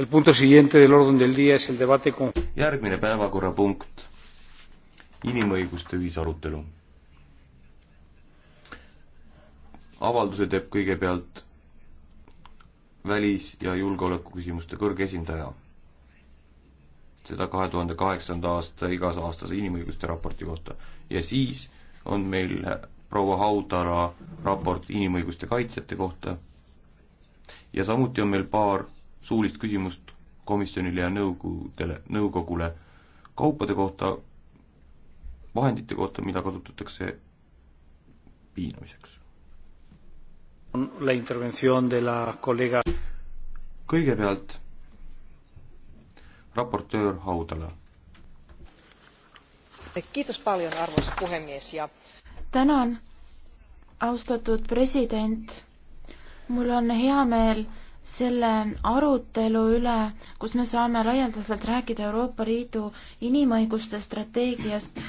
järgmine päevakorrapunkt, inimõiguste ühisarutelu. avalduse teeb kõigepealt välis- ja julgeolekuküsimuste kõrge esindaja. seda kahe tuhande kaheksanda aasta igasaastase inimõiguste raporti kohta ja siis on meil proua Haudala raport inimõiguste kaitsjate kohta ja samuti on meil paar suulist küsimust komisjonile ja nõukogudele, nõukogule kaupade kohta, vahendite kohta, mida kasutatakse piinamiseks. kõigepealt raportöör Haudala. tänan, austatud president. mul on hea meel selle arutelu üle, kus me saame laialdaselt rääkida Euroopa Liidu inimõiguste strateegiast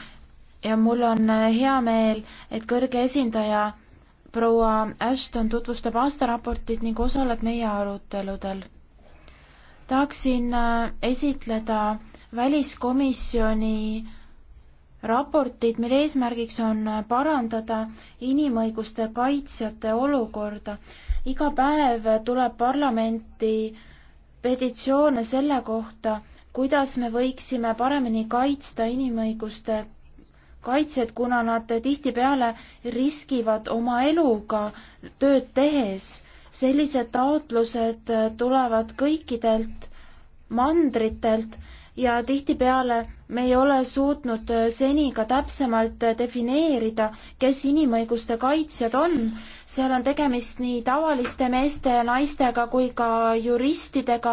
ja mul on hea meel, et kõrge esindaja proua Ashton tutvustab aastaraportit ning osaleb meie aruteludel. tahaksin äh, esitleda väliskomisjoni raportid, mille eesmärgiks on äh, parandada inimõiguste kaitsjate olukorda iga päev tuleb parlamenti petitsioone selle kohta, kuidas me võiksime paremini kaitsta inimõiguste kaitset, kuna nad tihtipeale riskivad oma eluga tööd tehes. sellised taotlused tulevad kõikidelt mandritelt ja tihtipeale me ei ole suutnud seni ka täpsemalt defineerida, kes inimõiguste kaitsjad on seal on tegemist nii tavaliste meeste ja naistega kui ka juristidega,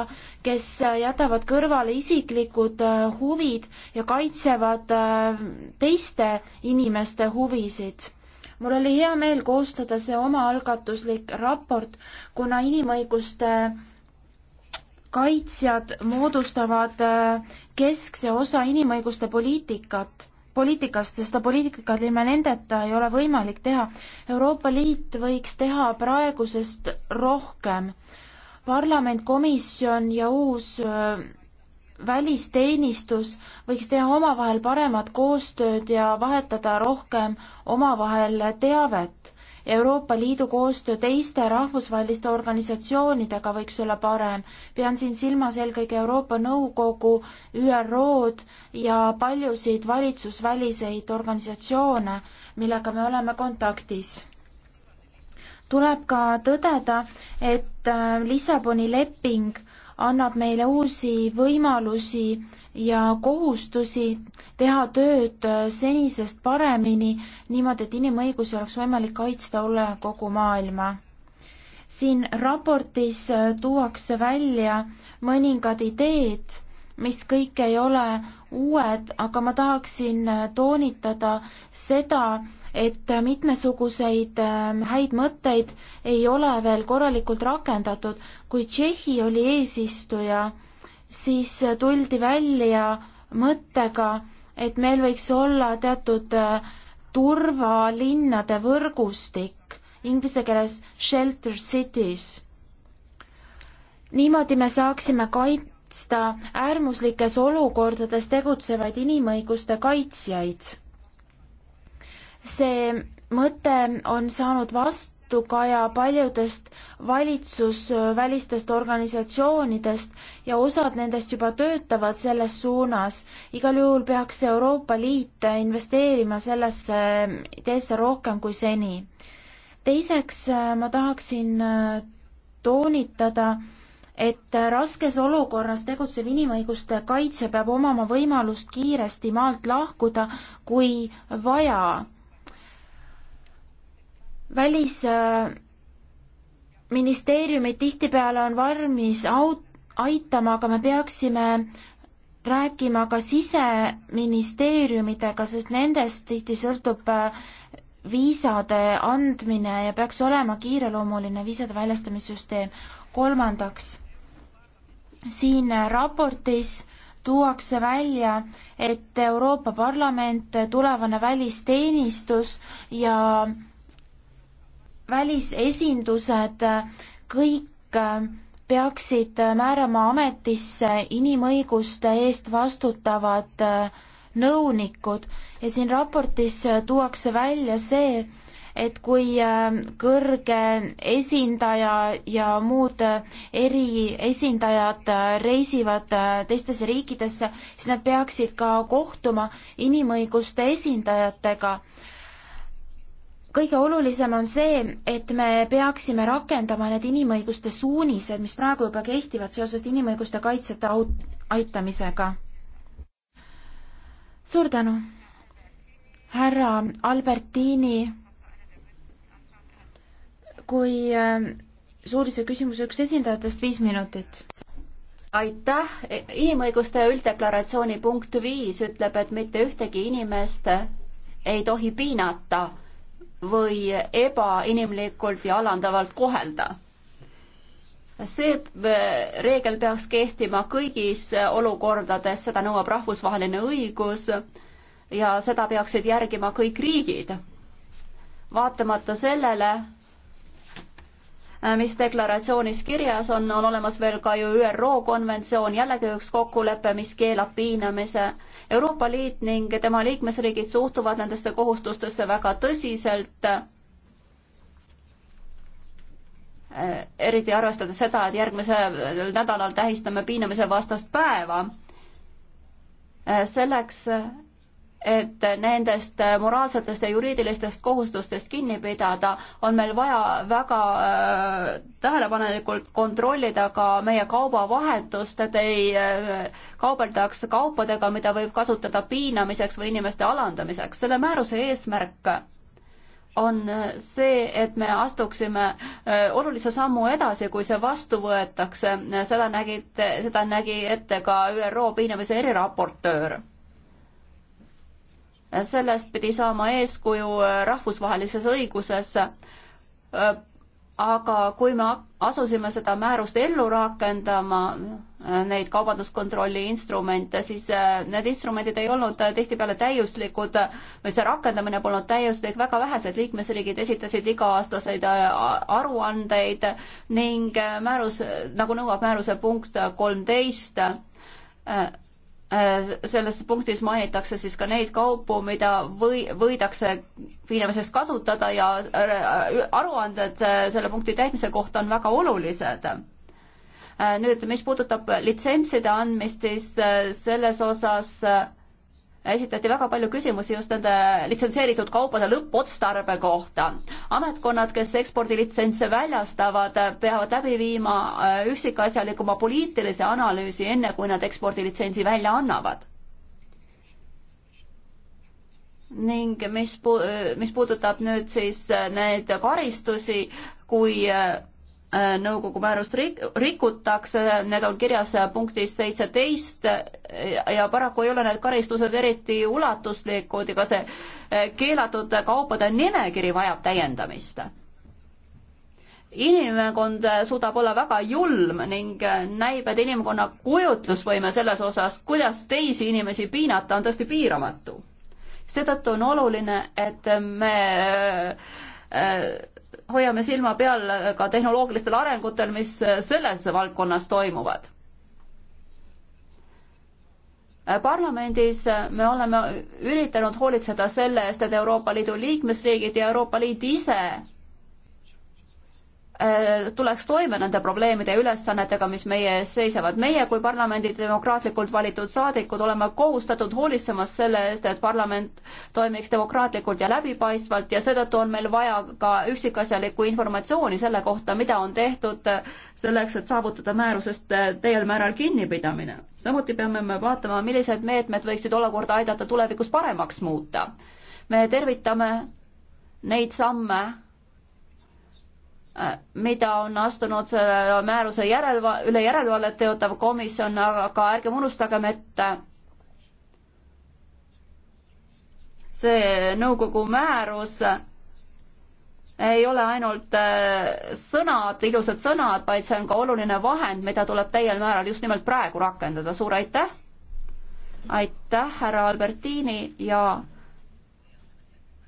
kes jätavad kõrvale isiklikud äh, huvid ja kaitsevad äh, teiste inimeste huvisid. mul oli hea meel koostada see omaalgatuslik raport, kuna inimõiguste äh, kaitsjad moodustavad keskse osa inimõiguste poliitikat poliitikast ja seda poliitikat ilma nendeta ei ole võimalik teha. Euroopa Liit võiks teha praegusest rohkem. parlament, komisjon ja uus äh, välisteenistus võiks teha omavahel paremat koostööd ja vahetada rohkem omavahel teavet Euroopa Liidu koostöö teiste rahvusvaheliste organisatsioonidega võiks olla parem. pean siin silmas eelkõige Euroopa Nõukogu, ÜRO-d ja paljusid valitsusväliseid organisatsioone, millega me oleme kontaktis tuleb ka tõdeda, et äh, Lissaboni leping annab meile uusi võimalusi ja kohustusi teha tööd äh, senisest paremini, niimoodi, et inimõigusi oleks võimalik kaitsta üle kogu maailma. siin raportis äh, tuuakse välja mõningad ideed, mis kõik ei ole uued, aga ma tahaksin äh, toonitada seda, et mitmesuguseid ähm, häid mõtteid ei ole veel korralikult rakendatud. kui Tšehhi oli eesistuja, siis tuldi välja mõttega, et meil võiks olla teatud äh, turvalinnade võrgustik, inglise keeles shelter cities. niimoodi me saaksime kaitsta äärmuslikes olukordades tegutsevaid inimõiguste kaitsjaid see mõte on saanud vastukaja paljudest valitsusvälistest organisatsioonidest ja osad nendest juba töötavad selles suunas. igal juhul peaks Euroopa Liit investeerima sellesse ideesse rohkem kui seni. teiseks äh, ma tahaksin äh, toonitada, et raskes olukorras tegutsev inimõiguste kaitse peab omama võimalust kiiresti maalt lahkuda, kui vaja välisministeeriumid äh, tihtipeale on valmis aut-, aitama, aga me peaksime rääkima ka siseministeeriumidega, sest nendest tihti sõltub äh, viisade andmine ja peaks olema kiireloomuline viisade väljastamissüsteem. kolmandaks, siin raportis tuuakse välja, et Euroopa Parlament, tulevane välisteenistus ja välisesindused kõik peaksid määrama ametisse inimõiguste eest vastutavad nõunikud ja siin raportis tuuakse välja see, et kui äh, kõrge esindaja ja muud äh, eriesindajad äh, reisivad teistesse riikidesse, siis nad peaksid ka kohtuma inimõiguste esindajatega kõige olulisem on see, et me peaksime rakendama need inimõiguste suunised, mis praegu juba kehtivad seoses inimõiguste kaitsjate aut-, aitamisega. suur tänu! härra Albertini, kui äh, suulise küsimuse üks esindajatest viis minutit aitäh, inimõiguste ülddeklaratsiooni punkt viis ütleb, et mitte ühtegi inimest ei tohi piinata või ebainimlikult ja alandavalt kohelda. see äh, reegel peaks kehtima kõigis äh, olukordades, seda nõuab rahvusvaheline õigus ja seda peaksid järgima kõik riigid. vaatamata sellele Äh, mis deklaratsioonis kirjas on, on olemas veel ka ju ÜRO konventsioon, jällegi üks kokkulepe, mis keelab piinamise. Euroopa Liit ning tema liikmesriigid suhtuvad nendesse kohustustesse väga tõsiselt äh, eriti arvestades seda, et järgmisel nädalal tähistame piinamise vastast päeva, äh, selleks, et nendest moraalsetest ja juriidilistest kohustustest kinni pidada, on meil vaja väga äh, tähelepanelikult kontrollida ka meie kaubavahetust, et ei äh, kaubeldaks kaupadega, mida võib kasutada piinamiseks või inimeste alandamiseks. selle määruse eesmärk on äh, see, et me astuksime olulise sammu edasi, kui see vastu võetakse. seda nägid, seda nägi ette ka ÜRO piinamise eriraportöör sellest pidi saama eeskuju äh, rahvusvahelises õiguses. Äh, aga kui me asusime seda määrust ellu rakendama, äh, neid kaubanduskontrolli instrumente, siis need instrumendid ei olnud tihtipeale täiuslikud või see rakendamine polnud täiuslik, väga vähesed liikmesriigid esitasid iga-aastaseid aruandeid ning määrus, nagu nõuab määruse punkt kolmteist, Äh, selles punktis mainitakse siis ka neid kaupu, mida või, võidakse viimiseks kasutada ja äh, äh, aruanded selle punkti täitmise kohta on väga olulised. nüüd, mis puudutab litsentside andmist, siis selles osas esitati väga palju küsimusi just nende litsenseeritud kaupade lõppotstarbe kohta. ametkonnad, kes ekspordilitsentse väljastavad, peavad läbi viima äh, üksikasjalikuma poliitilise analüüsi, enne kui nad ekspordilitsentsi välja annavad ning mis pu-, mis puudutab nüüd siis äh, neid karistusi, kui äh, Äh, nõukogu määrust rik-, rikutakse, need on kirjas punktis seitseteist äh, ja paraku ei ole need karistused eriti ulatuslikud ja ka see äh, keelatud kaupade nimekiri vajab täiendamist. inimkond suudab olla väga julm ning näib, et inimkonna kujutlusvõime selles osas, kuidas teisi inimesi piinata, on tõesti piiramatu. seetõttu on oluline, et me äh, hoiame silma peal ka tehnoloogilistel arengutel, mis selles valdkonnas toimuvad. parlamendis me oleme üritanud hoolitseda selle eest, et Euroopa Liidu liikmesriigid ja Euroopa Liit ise Äh, tuleks toime nende probleemide ja ülesannetega, mis meie ees seisavad. meie kui parlamendi demokraatlikult valitud saadikud oleme kohustatud hoolitsema selle eest, et parlament toimiks demokraatlikult ja läbipaistvalt ja seetõttu on meil vaja ka üksikasjalikku informatsiooni selle kohta, mida on tehtud äh, selleks, et saavutada määrusest äh, täiel määral kinnipidamine. samuti peame me vaatama, millised meetmed võiksid olukorda aidata tulevikus paremaks muuta. me tervitame neid samme mida on astunud selle äh, määruse järelva-, üle järelevalvet teotav komisjon, aga ärgem unustagem, et äh, see nõukogu määrus ei ole ainult äh, sõnad, ilusad sõnad, vaid see on ka oluline vahend, mida tuleb täiel määral just nimelt praegu rakendada. suur aitäh! aitäh, härra Albertini ja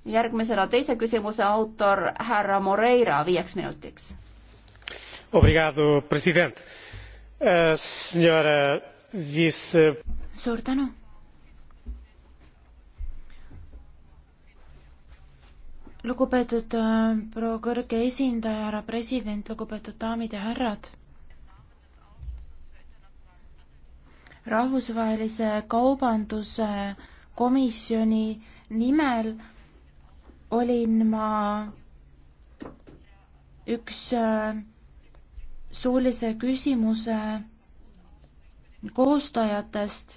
järgmisena teise küsimuse autor härra Moreira viieks minutiks. Obrigado, president uh,. Eh, Senhora vice. suur tänu. lugupeetud eh, proua kõrge esindaja, härra president, lugupeetud daamid ja härrad. rahvusvahelise kaubanduse komisjoni nimel olin ma üks äh, suulise küsimuse koostajatest.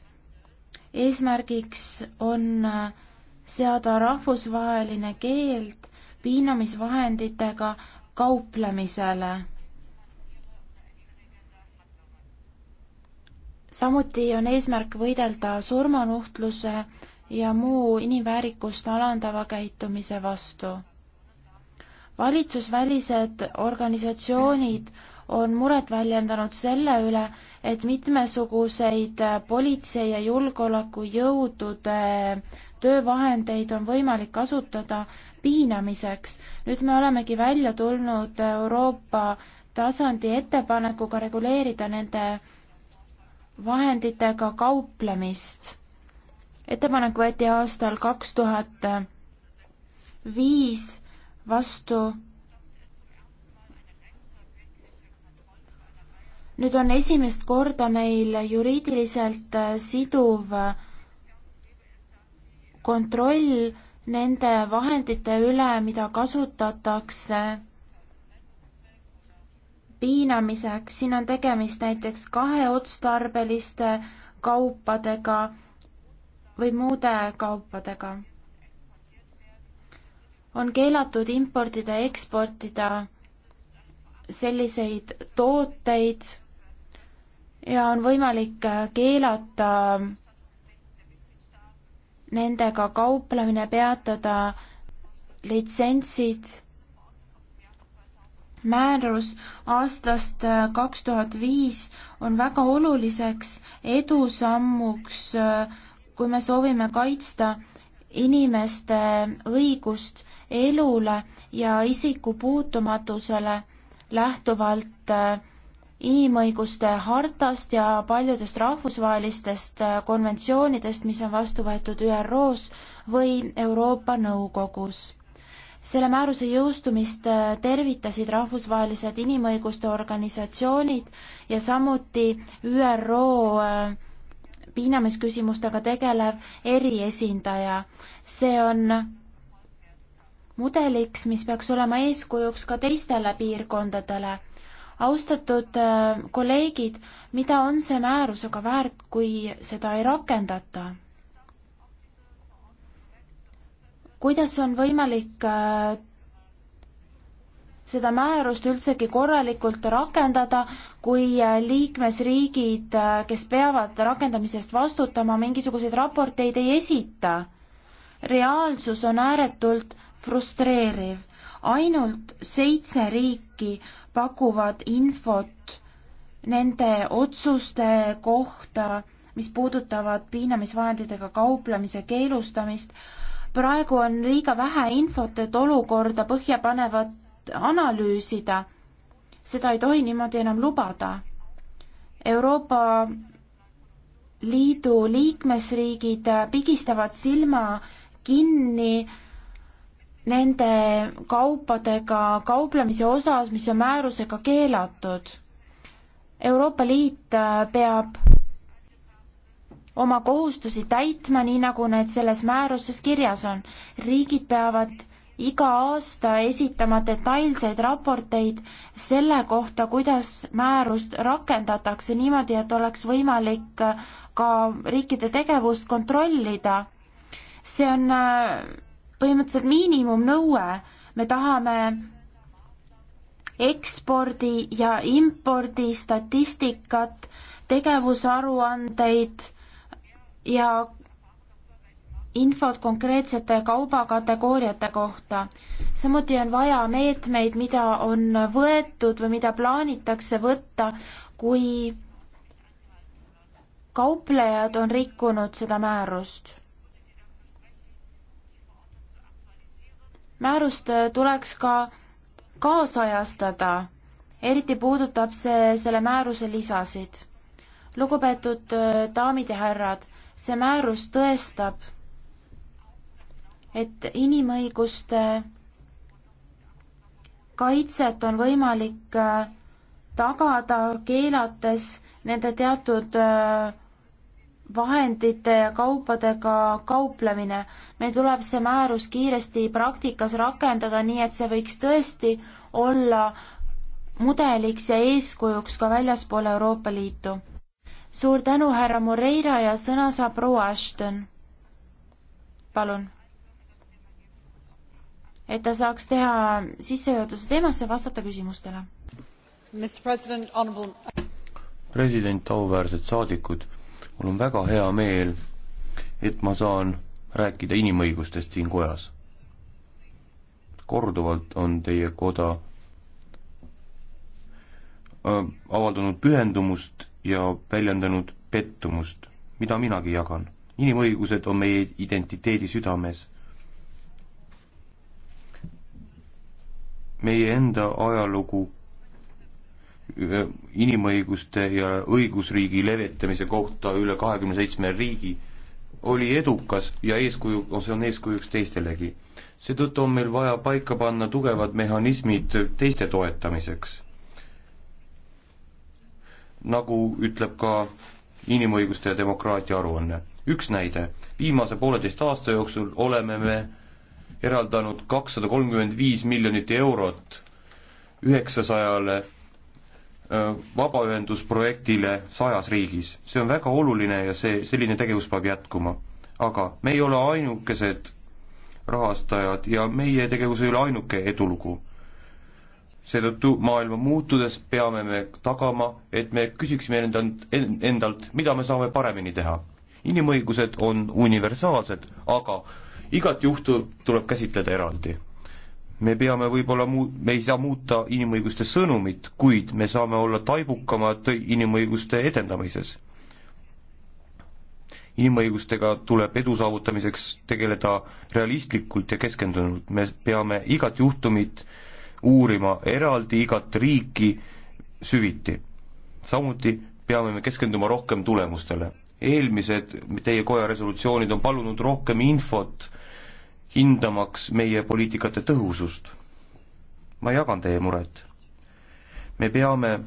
eesmärgiks on äh, seada rahvusvaheline keeld piinamisvahenditega kauplemisele. samuti on eesmärk võidelda surmanuhtluse ja muu inimväärikust alandava käitumise vastu. valitsusvälised organisatsioonid on muret väljendanud selle üle, et mitmesuguseid politsei- ja julgeolekujõudude töövahendeid on võimalik kasutada piinamiseks. nüüd me olemegi välja tulnud Euroopa tasandi ettepanekuga reguleerida nende vahenditega kauplemist ettepanek võeti aastal kaks tuhat viis vastu. nüüd on esimest korda meil juriidiliselt siduv kontroll nende vahendite üle, mida kasutatakse piinamiseks, siin on tegemist näiteks kaheotstarbeliste kaupadega või muude kaupadega. on keelatud importida ja eksportida selliseid tooteid ja on võimalik keelata nendega kauplemine, peatada litsentsid. määrus aastast kaks tuhat viis on väga oluliseks edusammuks äh, kui me soovime kaitsta inimeste õigust elule ja isiku puutumatusele lähtuvalt äh, inimõiguste hartast ja paljudest rahvusvahelistest äh, konventsioonidest, mis on vastu võetud ÜRO-s või Euroopa Nõukogus. selle määruse jõustumist äh, tervitasid rahvusvahelised inimõiguste organisatsioonid ja samuti ÜRO piinamisküsimustega tegelev eriesindaja. see on mudeliks, mis peaks olema eeskujuks ka teistele piirkondadele. austatud äh, kolleegid, mida on see määrus aga väärt, kui seda ei rakendata? kuidas on võimalik äh, seda määrust üldsegi korralikult rakendada, kui äh, liikmesriigid, äh, kes peavad rakendamisest vastutama, mingisuguseid raporteid ei esita. reaalsus on ääretult frustreeriv. ainult seitse riiki pakuvad infot nende otsuste kohta, mis puudutavad piinamisvahenditega kauplemise keelustamist praegu on liiga vähe infot, et olukorda põhja panevat analüüsida. seda ei tohi niimoodi enam lubada. Euroopa Liidu liikmesriigid pigistavad silma kinni nende kaupadega kauplemise osas, mis on määrusega keelatud. Euroopa Liit peab oma kohustusi täitma, nii nagu need selles määruses kirjas on. riigid peavad iga aasta esitama detailseid raporteid selle kohta, kuidas määrust rakendatakse niimoodi, et oleks võimalik ka riikide tegevust kontrollida. see on äh, põhimõtteliselt miinimumnõue, me tahame ekspordi ja impordi statistikat, tegevusaruandeid ja infot konkreetsete kaubakategooriate kohta. samuti on vaja meetmeid, mida on võetud või mida plaanitakse võtta, kui kauplejad on rikkunud seda määrust. määrust tuleks ka kaasajastada, eriti puudutab see selle määruse lisasid. lugupeetud daamid ja härrad, see määrus tõestab, et inimõiguste kaitset on võimalik äh, tagada, keelates nende teatud äh, vahendite ja kaupadega kauplemine. meil tuleb see määrus kiiresti praktikas rakendada, nii et see võiks tõesti olla mudeliks ja eeskujuks ka väljaspool Euroopa Liitu. suur tänu, härra Moreira ja sõna saab proua Ashton. palun et ta saaks teha sissejuhatuse teemasse ja vastata küsimustele. president, auväärsed saadikud, mul on väga hea meel, et ma saan rääkida inimõigustest siin kojas. korduvalt on teie koda äh, avaldanud pühendumust ja väljendanud pettumust, mida minagi jagan. inimõigused on meie identiteedi südames meie enda ajalugu inimõiguste ja õigusriigi levitamise kohta üle kahekümne seitsme riigi oli edukas ja eeskuju, see on eeskujuks teistelegi. seetõttu on meil vaja paika panna tugevad mehhanismid teiste toetamiseks. nagu ütleb ka inimõiguste ja demokraatia aruanne. üks näide, viimase pooleteist aasta jooksul oleme me eraldanud kakssada kolmkümmend viis miljonit eurot üheksasajale vabaühendusprojektile sajas riigis. see on väga oluline ja see, selline tegevus peab jätkuma. aga me ei ole ainukesed rahastajad ja meie tegevus ei ole ainuke edulugu. seetõttu maailma muutudes peame me tagama, et me küsiksime endalt, endalt, mida me saame paremini teha. inimõigused on universaalsed, aga igat juhtu tuleb käsitleda eraldi. me peame võib-olla muu-, me ei saa muuta inimõiguste sõnumit, kuid me saame olla taibukamad inimõiguste edendamises. inimõigustega tuleb edu saavutamiseks tegeleda realistlikult ja keskendunult, me peame igat juhtumit uurima eraldi, igat riiki süviti. samuti peame me keskenduma rohkem tulemustele eelmised teie koja resolutsioonid on palunud rohkem infot hindamaks meie poliitikate tõhusust. ma jagan teie muret. me peame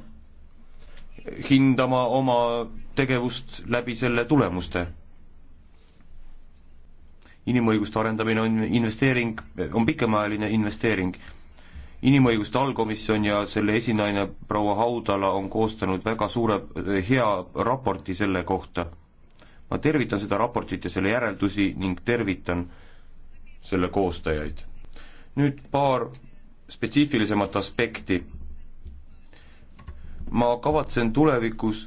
hindama oma tegevust läbi selle tulemuste. inimõiguste arendamine on investeering, on pikemaajaline investeering. inimõiguste allkomisjon ja selle esinaine proua Haudala on koostanud väga suure, hea raporti selle kohta. ma tervitan seda raportit ja selle järeldusi ning tervitan äh, selle koostajaid. nüüd paar spetsiifilisemat aspekti. ma kavatsen tulevikus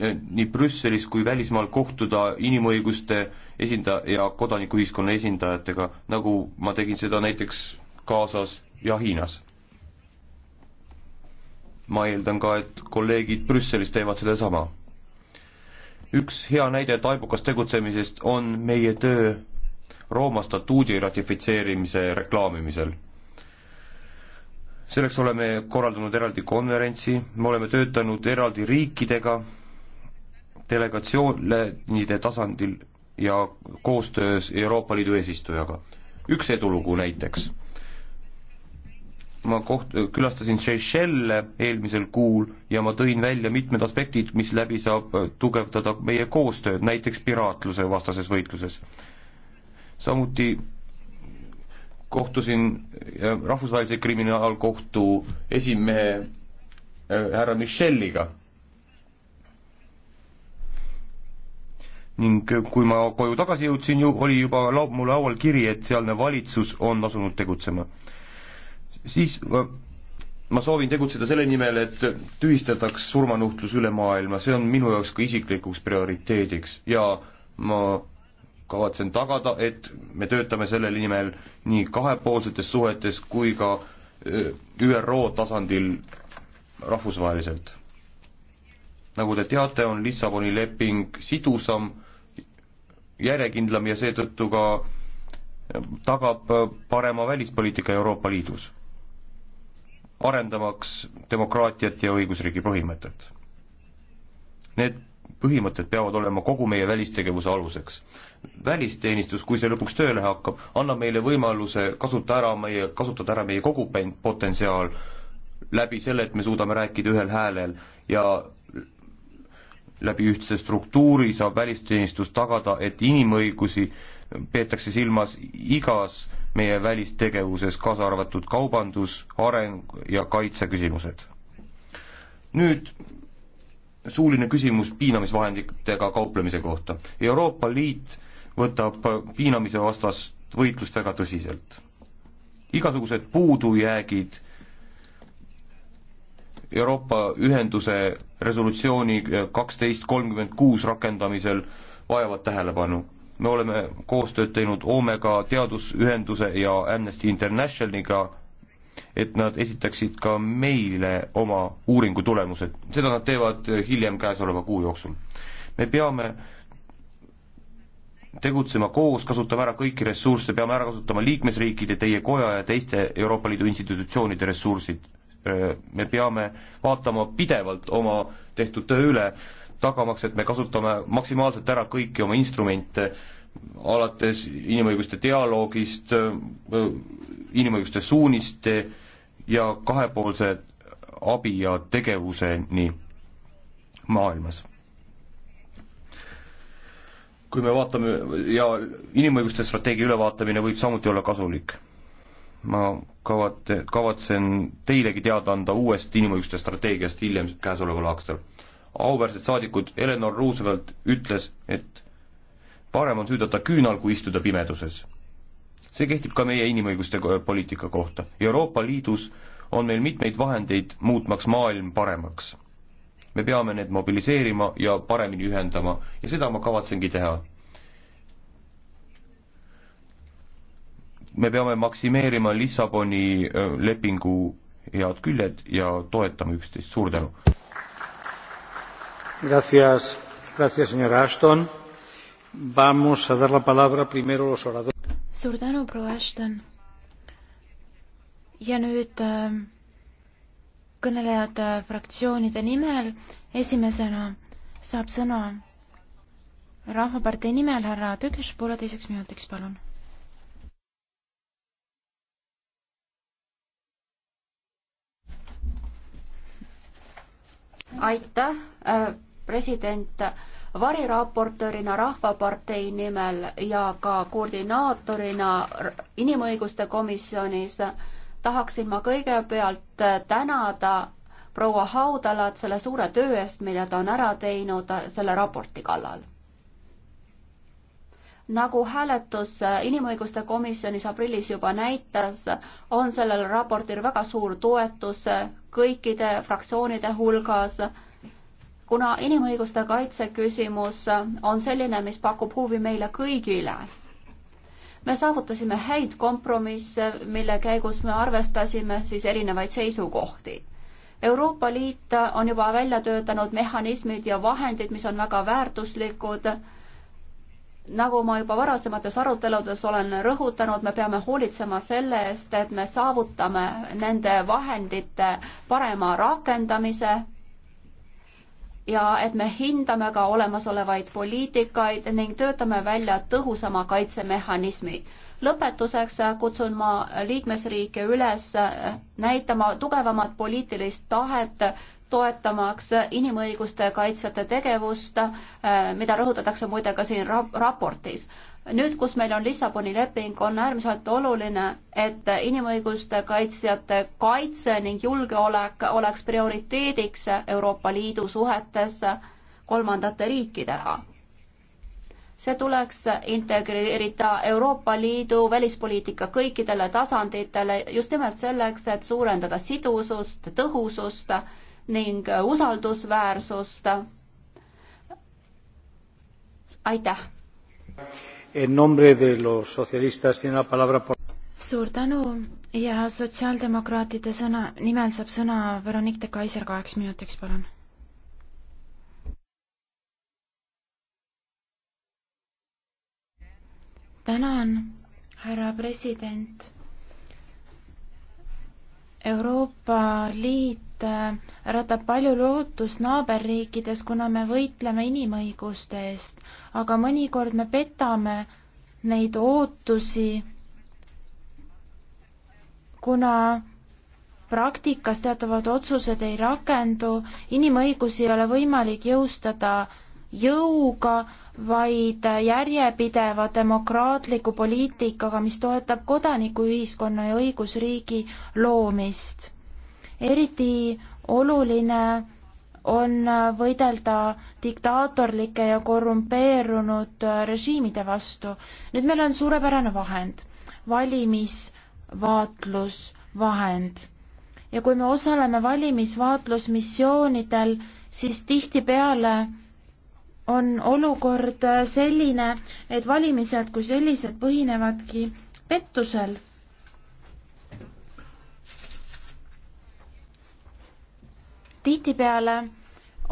eh, nii Brüsselis kui välismaal kohtuda inimõiguste esinda- ja kodanikuühiskonna esindajatega, nagu ma tegin seda näiteks Gazas ja Hiinas. ma eeldan ka, et kolleegid Brüsselis teevad sedasama. üks hea näide taibukast tegutsemisest on meie töö Rooma statuudi ratifitseerimise reklaamimisel. selleks oleme korraldanud eraldi konverentsi, me oleme töötanud eraldi riikidega, delegatsioonide tasandil ja koostöös Euroopa Liidu eesistujaga. üks edulugu näiteks. ma koht-, külastasin Seychelle eelmisel kuul ja ma tõin välja mitmed aspektid, mis läbi saab tugevdada meie koostööd, näiteks piraatluse vastases võitluses samuti kohtusin äh, Rahvusvahelise Kriminaalkohtu esimehe äh, härra Michelliga. ning äh, kui ma koju tagasi jõudsin, ju oli juba lau-, mu laual kiri, et sealne valitsus on asunud tegutsema. siis ma soovin tegutseda selle nimel, et tühistataks surmanuhtlus üle maailma, see on minu jaoks ka isiklikuks prioriteediks ja ma kavatsen tagada, et me töötame selle nimel nii kahepoolsetes suhetes kui ka ÜRO tasandil rahvusvaheliselt. nagu te teate, on Lissaboni leping sidusam, järjekindlam ja seetõttu ka tagab parema välispoliitika Euroopa Liidus, arendamaks demokraatiat ja õigusriigi põhimõtet. Need põhimõtted peavad olema kogu meie välistegevuse aluseks. välisteenistus, kui see lõpuks tööle hakkab, annab meile võimaluse kasuta ära meie, kasutada ära meie kogu potentsiaal läbi selle, et me suudame rääkida ühel häälel ja läbi ühtse struktuuri saab välisteenistus tagada, et inimõigusi peetakse silmas igas meie välistegevuses, kaasa arvatud kaubandus, areng ja kaitseküsimused. nüüd suuline küsimus piinamisvahenditega kauplemise kohta. Euroopa Liit võtab piinamise vastast võitlust väga tõsiselt. igasugused puudujäägid Euroopa Ühenduse resolutsiooni kaksteist kolmkümmend kuus rakendamisel vajavad tähelepanu. me oleme koostööd teinud Omega teadusühenduse ja Amnesty Internationaliga et nad esitaksid ka meile oma uuringu tulemused. seda nad teevad hiljem käesoleva kuu jooksul. me peame tegutsema koos, kasutame ära kõiki ressursse, peame ära kasutama liikmesriikide, teie koja ja teiste Euroopa Liidu institutsioonide ressursid. me peame vaatama pidevalt oma tehtud töö üle, tagamaks, et me kasutame maksimaalselt ära kõiki oma instrumente, alates inimõiguste dialoogist, inimõiguste suuniste ja kahepoolse abi ja tegevuseni maailmas. kui me vaatame ja inimõiguste strateegia ülevaatamine võib samuti olla kasulik. ma kavat-, kavatsen teilegi teada anda uuest inimõiguste strateegiast hiljem käesoleval aastal. auväärsed saadikud, Eleanor Roosevelt ütles, et parem on süüdata küünal, kui istuda pimeduses see kehtib ka meie inimõiguste poliitika kohta. Euroopa Liidus on meil mitmeid vahendeid, muutmaks maailm paremaks. me peame need mobiliseerima ja paremini ühendama ja seda ma kavatsengi teha. me peame maksimeerima Lissaboni äh, lepingu head küljed ja toetama üksteist, suur tänu! Gracias, gracias, señora Ashton. Vamos a dar la palabra primero a los oradores suur tänu, proua Ashton. ja nüüd äh, kõnelejad äh, fraktsioonide nimel. esimesena saab sõna Rahvapartei nimel härra Tükis, pooleteiseks minutiks, palun aitäh, äh, president variraportöörina Rahvapartei nimel ja ka koordinaatorina Inimõiguste Komisjonis tahaksin ma kõigepealt tänada proua Haudalat selle suure töö eest, mille ta on ära teinud selle raporti kallal. nagu hääletus Inimõiguste Komisjonis aprillis juba näitas, on sellel raportil väga suur toetus kõikide fraktsioonide hulgas kuna inimõiguste kaitse küsimus on selline, mis pakub huvi meile kõigile. me saavutasime häid kompromisse, mille käigus me arvestasime siis erinevaid seisukohti. Euroopa Liit on juba välja töötanud mehhanismid ja vahendid, mis on väga väärtuslikud nagu ma juba varasemates aruteludes olen rõhutanud, me peame hoolitsema selle eest, et me saavutame nende vahendite parema rakendamise ja et me hindame ka olemasolevaid poliitikaid ning töötame välja tõhusama kaitsemehhanismi. lõpetuseks kutsun ma liikmesriike üles näitama tugevamat poliitilist tahet toetamaks inimõiguste kaitsjate tegevust, eh, mida rõhutatakse muide ka siin raportis nüüd, kus meil on Lissaboni leping, on äärmiselt oluline, et inimõiguste kaitsjate kaitse ning julgeolek oleks prioriteediks Euroopa Liidu suhetes kolmandate riikidega. see tuleks integreerida Euroopa Liidu välispoliitika kõikidele tasanditele just nimelt selleks, et suurendada sidusust, tõhusust ning usaldusväärsust. aitäh! En nombre de los socialistas tiene la palabra por... suur tänu ja sotsiaaldemokraatide sõna, nimel saab sõna Veronique de Kaiser kaheks minutiks, palun tänan, härra president. Euroopa Liit äh, äratab palju lootust naaberriikides, kuna me võitleme inimõiguste eest, aga mõnikord me petame neid ootusi, kuna praktikas teatavad otsused ei rakendu, inimõigusi ei ole võimalik jõustada jõuga, vaid järjepideva demokraatliku poliitikaga, mis toetab kodanikuühiskonna ja õigusriigi loomist. eriti oluline on võidelda diktaatorlike ja korrumpeerunud režiimide vastu. nüüd meil on suurepärane vahend, valimisvaatlusvahend. ja kui me osaleme valimisvaatlusmissioonidel, siis tihtipeale on olukord selline, et valimised kui sellised põhinevadki pettusel. tihtipeale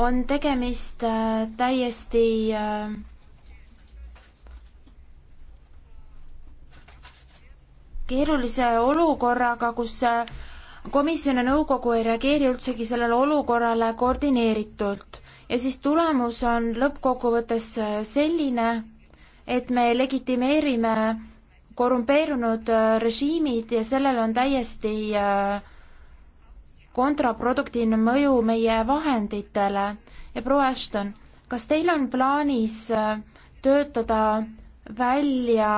on tegemist äh, täiesti äh, keerulise olukorraga, kus äh, komisjon ja nõukogu ei reageeri üldsegi sellele olukorrale koordineeritult ja siis tulemus on lõppkokkuvõttes äh, selline, et me legitimeerime korrumpeerunud äh, režiimid ja sellel on täiesti äh, kontraproduktiivne mõju meie vahenditele. ja proua Ashton, kas teil on plaanis töötada välja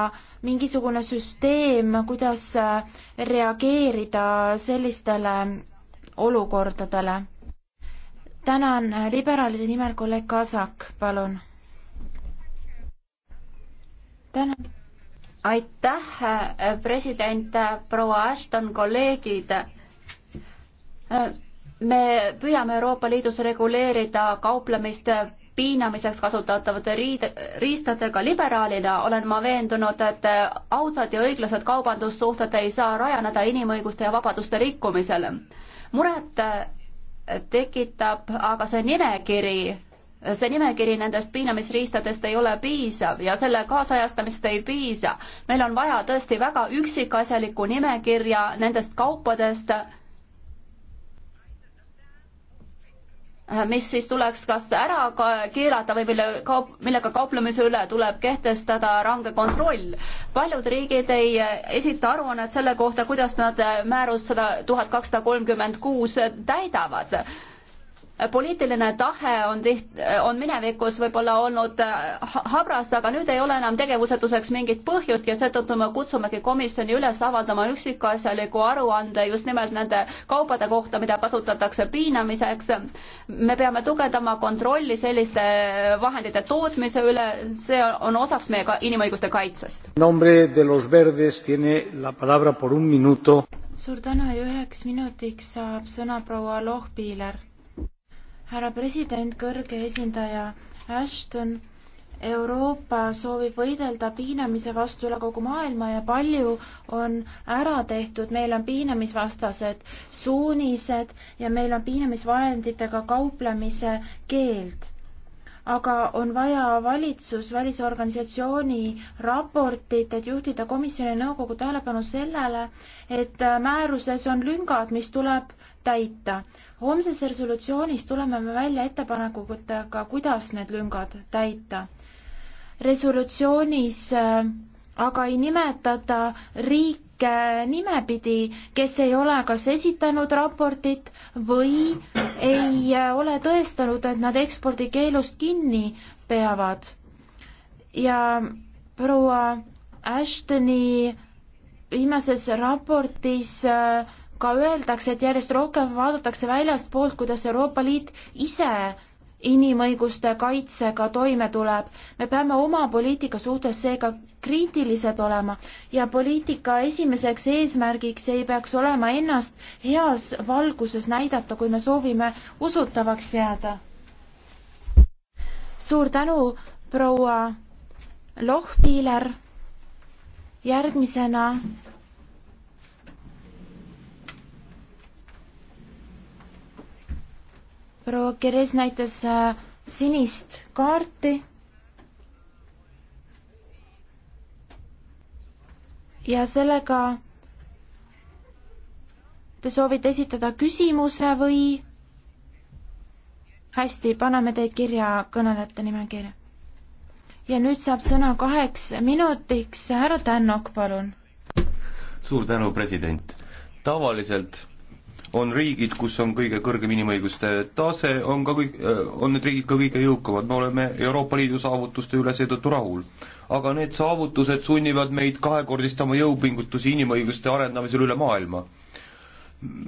mingisugune süsteem, kuidas reageerida sellistele olukordadele? tänan, äh, liberaalide nimel kolleeg Kasak, palun. tänan. aitäh, äh, president, äh, proua Ashton, kolleegid me püüame Euroopa Liidus reguleerida kauplemist piinamiseks kasutatavate riid-, riistadega liberaalina olen ma veendunud, et ausad ja õiglased kaubandussuhted ei saa rajaneda inimõiguste ja vabaduste rikkumisel. muret tekitab, aga see nimekiri, see nimekiri nendest piinamisriistadest ei ole piisav ja selle kaasajastamist ei piisa. meil on vaja tõesti väga üksikasjalikku nimekirja nendest kaupadest, Äh, mis siis tuleks kas ära ka keelata või mille kaup, millega kauplemise üle tuleb kehtestada range kontroll. paljud riigid ei äh, esita aruannet selle kohta, kuidas nad äh, määrust sada tuhat kakssada kolmkümmend kuus täidavad poliitiline tahe on tiht-, on minevikus võib-olla olnud äh, habras, aga nüüd ei ole enam tegevusetuseks mingit põhjust ja seetõttu me kutsumegi komisjoni üles avaldama üksikasjaliku aruande just nimelt nende kaubade kohta, mida kasutatakse piinamiseks. me peame tugevdama kontrolli selliste vahendite tootmise üle, see on osaks meie ka inimõiguste kaitsest. suur tänu ja üheks minutiks saab sõna proua Lohpiiler härra president, kõrge esindaja Ashton Euroopa soovib võidelda piinamise vastu üle kogu maailma ja palju on ära tehtud, meil on piinamisvastased suunised ja meil on piinamisvahenditega kauplemise keeld. aga on vaja valitsus, välisorganisatsiooni raportit, et juhtida komisjoni nõukogu tähelepanu sellele, et määruses on lüngad, mis tuleb täita homses resolutsioonis tuleme me välja ettepanekutega, kuidas need lüngad täita. resolutsioonis äh, aga ei nimetata riike nimepidi, kes ei ole kas esitanud raportit või ei äh, ole tõestanud, et nad ekspordikeelust kinni peavad. ja proua Ashtoni viimases raportis äh, ka öeldakse, et järjest rohkem vaadatakse väljastpoolt, kuidas Euroopa Liit ise inimõiguste kaitsega toime tuleb. me peame oma poliitika suhtes seega kriitilised olema ja poliitika esimeseks eesmärgiks ei peaks olema ennast heas valguses näidata, kui me soovime usutavaks jääda. suur tänu, proua Lohpiiler. järgmisena proua Keres näitas äh, sinist kaarti. ja sellega te soovite esitada küsimuse või? hästi, paneme teid kirja kõnelejate nimekirja. ja nüüd saab sõna kaheks minutiks härra Tännok, palun. suur tänu, president. tavaliselt on riigid, kus on kõige kõrgem inimõiguste tase, on ka kõik, äh, on need riigid ka kõige jõukamad, me oleme Euroopa Liidu saavutuste üle seetõttu rahul. aga need saavutused sunnivad meid kahekordistama jõupingutusi inimõiguste arendamisel üle maailma.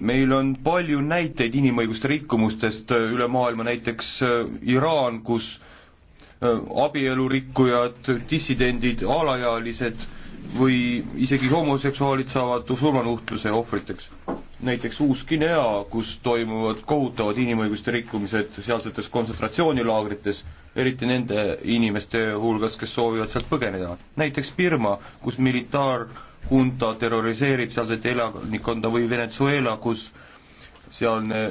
meil on palju näiteid inimõiguste rikkumustest äh, üle maailma, näiteks äh, Iraan, kus abielurikkujad, dissidendid, alaealised või isegi homoseksuaalid saavad surmanuhtluse ohvriteks näiteks Uus-Guinea, kus toimuvad kohutavad inimõiguste rikkumised sealsetes kontsentratsioonilaagrites, eriti nende inimeste hulgas, kes soovivad sealt põgeneda. näiteks Birma, kus militaarhunta terroriseerib sealset elanikkonda või Venezuela, kus sealne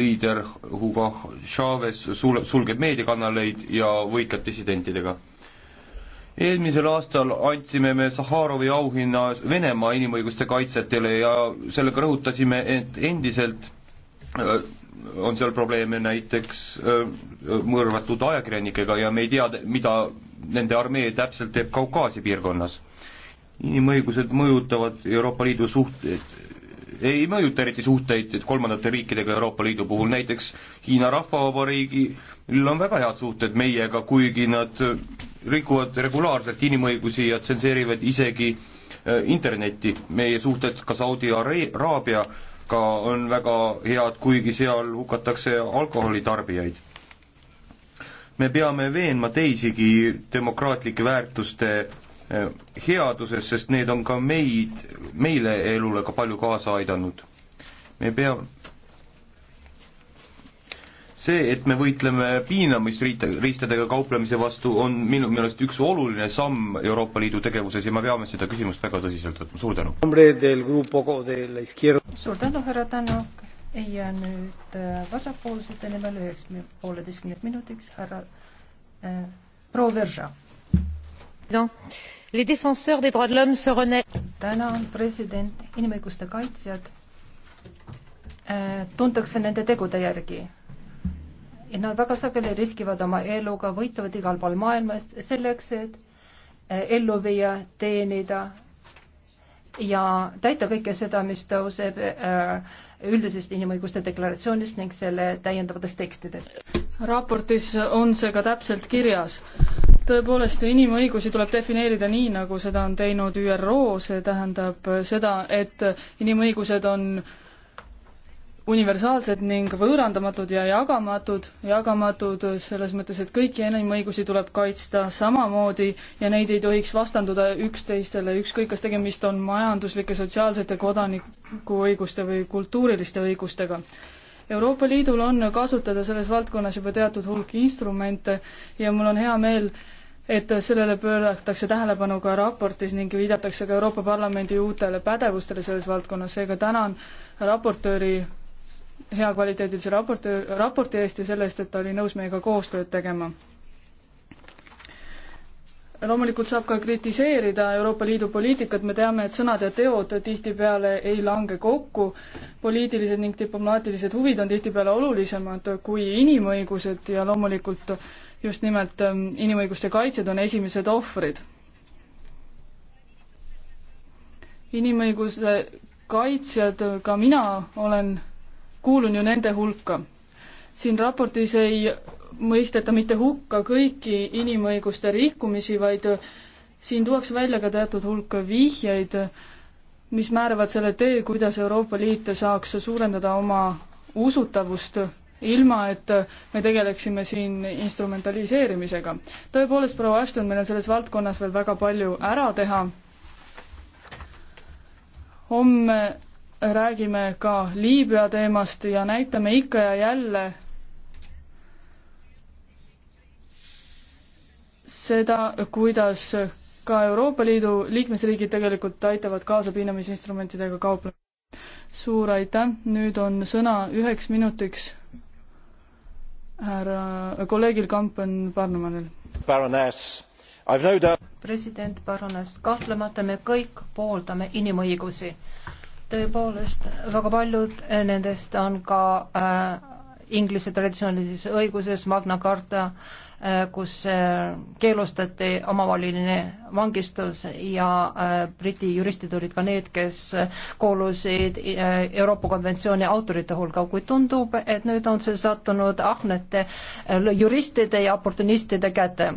liider Hugo Chavez sul-, sulgeb meediakanaleid ja võitleb dissidentidega eelmisel aastal andsime me Saharovi auhinna Venemaa inimõiguste kaitsjatele ja sellega rõhutasime, et endiselt äh, on seal probleeme näiteks äh, mõrvatud ajakirjanikega ja me ei tea, mida nende armee täpselt teeb Kaukaasi piirkonnas. inimõigused mõjutavad Euroopa Liidu suhteid, ei mõjuta eriti suhteid kolmandate riikidega Euroopa Liidu puhul, näiteks Hiina Rahvavabariigi äh, neil on väga head suhted meiega, kuigi nad äh, rikuvad regulaarselt inimõigusi ja tsenseerivad isegi äh, internetti. meie suhted ka Saudi Araabiaga on väga head, kuigi seal hukatakse alkoholitarbijaid. me peame veenma teisigi demokraatlike väärtuste äh, headuses, sest need on ka meid, meile elule ka palju kaasa aidanud. me pea-, see, et me võitleme piinamisriita, riistadega kauplemise vastu, on minu meelest üks oluline samm Euroopa Liidu tegevuses ja me peame seda küsimust väga tõsiselt võtma, suur tänu! suur tänu, härra Tänuk! ja nüüd äh, vasakpoolsete nimel üheks pooleteistkümneks minutiks härra äh, proua Verža. täna president, inimõiguste kaitsjad äh, tuntakse nende tegude järgi nad väga sageli riskivad oma eluga, võitlevad igal pool maailmas selleks, et eh, ellu viia, teenida ja täita kõike seda, mis tõuseb eh, üldisest inimõiguste deklaratsioonist ning selle täiendavatest tekstidest. raportis on see ka täpselt kirjas. tõepoolest, inimõigusi tuleb defineerida nii, nagu seda on teinud ÜRO, see tähendab seda, et inimõigused on äh, universaalsed ning võõrandamatud ja jagamatud, jagamatud selles mõttes, et kõiki inimõigusi tuleb kaitsta samamoodi ja neid ei tohiks vastanduda üksteistele, ükskõik kas tegemist on majanduslike, sotsiaalsete, kodanikuõiguste või kultuuriliste õigustega. Euroopa Liidul on kasutada selles valdkonnas juba teatud hulk instrumente ja mul on hea meel, et sellele pööratakse tähelepanu ka raportis ning viidatakse ka Euroopa Parlamendi uutele pädevustele selles valdkonnas, seega tänan raportööri hea kvaliteedilise raporti, raporti eest ja selle eest, et ta oli nõus meiega koostööd tegema. loomulikult saab ka kritiseerida Euroopa Liidu poliitikat, me teame, et sõnad ja teod tihtipeale ei lange kokku, poliitilised ning diplomaatilised huvid on tihtipeale olulisemad kui inimõigused ja loomulikult just nimelt ähm, inimõiguste kaitsjad on esimesed ohvrid. inimõiguse kaitsjad, ka mina olen kuulun ju nende hulka. siin raportis ei mõisteta mitte hukka kõiki inimõiguste rikkumisi, vaid siin tuuakse välja ka teatud hulk vihjeid, mis määravad selle tee, kuidas Euroopa Liit saaks suurendada oma usutavust ilma, et me tegeleksime siin instrumentaliseerimisega. tõepoolest, proua Ashton, meil on selles valdkonnas veel väga palju ära teha. homme räägime ka Liibüa teemast ja näitame ikka ja jälle seda, kuidas ka Euroopa Liidu liikmesriigid tegelikult aitavad kaasa piinamisinstrumentidega kauplemisele. suur aitäh, nüüd on sõna üheks minutiks härra kolleegil Kampen Parnemanil. president Baroness, kahtlemata me kõik pooldame inimõigusi tõepoolest, väga paljud nendest on ka äh, Inglise traditsioonilises õiguses Magna Carta äh,, kus äh, keelustati omavaheline vangistus ja äh, Briti juristid olid ka need, kes kuulusid äh, Euroopa konventsiooni autorite hulga, kuid tundub, et nüüd on see sattunud ahnete äh, juristide ja oportunistide kätte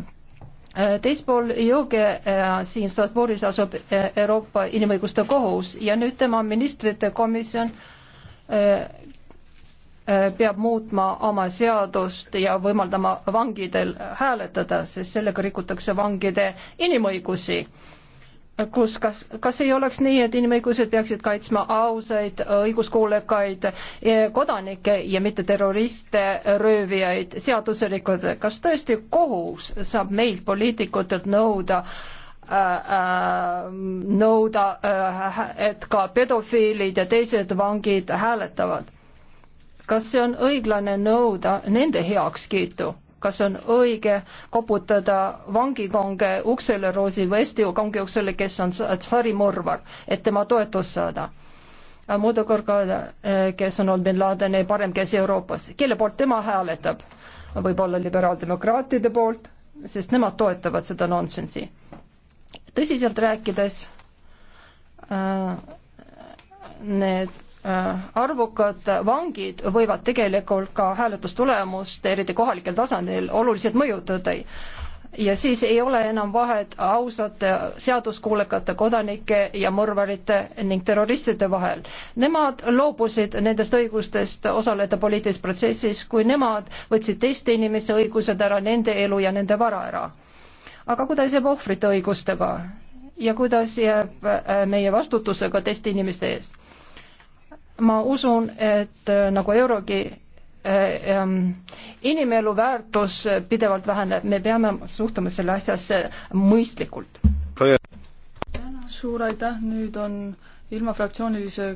Äh, teispool jõge äh, siin Strasbourgis asub äh, Euroopa Inimõiguste Kohus ja nüüd tema ministrite komisjon peab muutma oma seadust ja võimaldama vangidel hääletada, sest sellega rikutakse vangide inimõigusi kus kas, kas ei oleks nii, et inimõigused peaksid kaitsma ausaid, õiguskuulekaid eh, kodanikke ja mitte terroriste, röövijaid, seaduserikkujaid, kas tõesti kohus saab meilt, poliitikutelt nõuda äh, äh, nõuda äh,, et ka pedofiilid ja teised vangid hääletavad. kas see on õiglane nõuda nende heakskiitu? kas on õige koputada vangikonge uksele, Roosi Vesti kongi uksele, kes on tsarimurvar, et tema toetust saada. Mudokorga, eh, kes on olnud bin Ladeni parem käsi Euroopas, kelle poolt tema hääletab? võib-olla liberaaldemokraatide poolt, sest nemad toetavad seda nonsensi. tõsiselt rääkides äh,, need Äh, arvukad vangid võivad tegelikult ka hääletustulemust, eriti kohalikel tasandil, oluliselt mõjutada. ja siis ei ole enam vahet ausate seaduskuulekate kodanike ja mõrvarite ning terroristide vahel. Nemad loobusid nendest õigustest osaleda poliitilises protsessis, kui nemad võtsid teiste inimeste õigused ära, nende elu ja nende vara ära. aga kuidas jääb ohvrite õigustega ja kuidas jääb äh, meie vastutusega teiste inimeste eest? ma usun, et äh, nagu eurogi äh, ähm, inimelu väärtus pidevalt väheneb, me peame suhtuma selle asjasse mõistlikult. suur aitäh, nüüd on ilma fraktsioonilise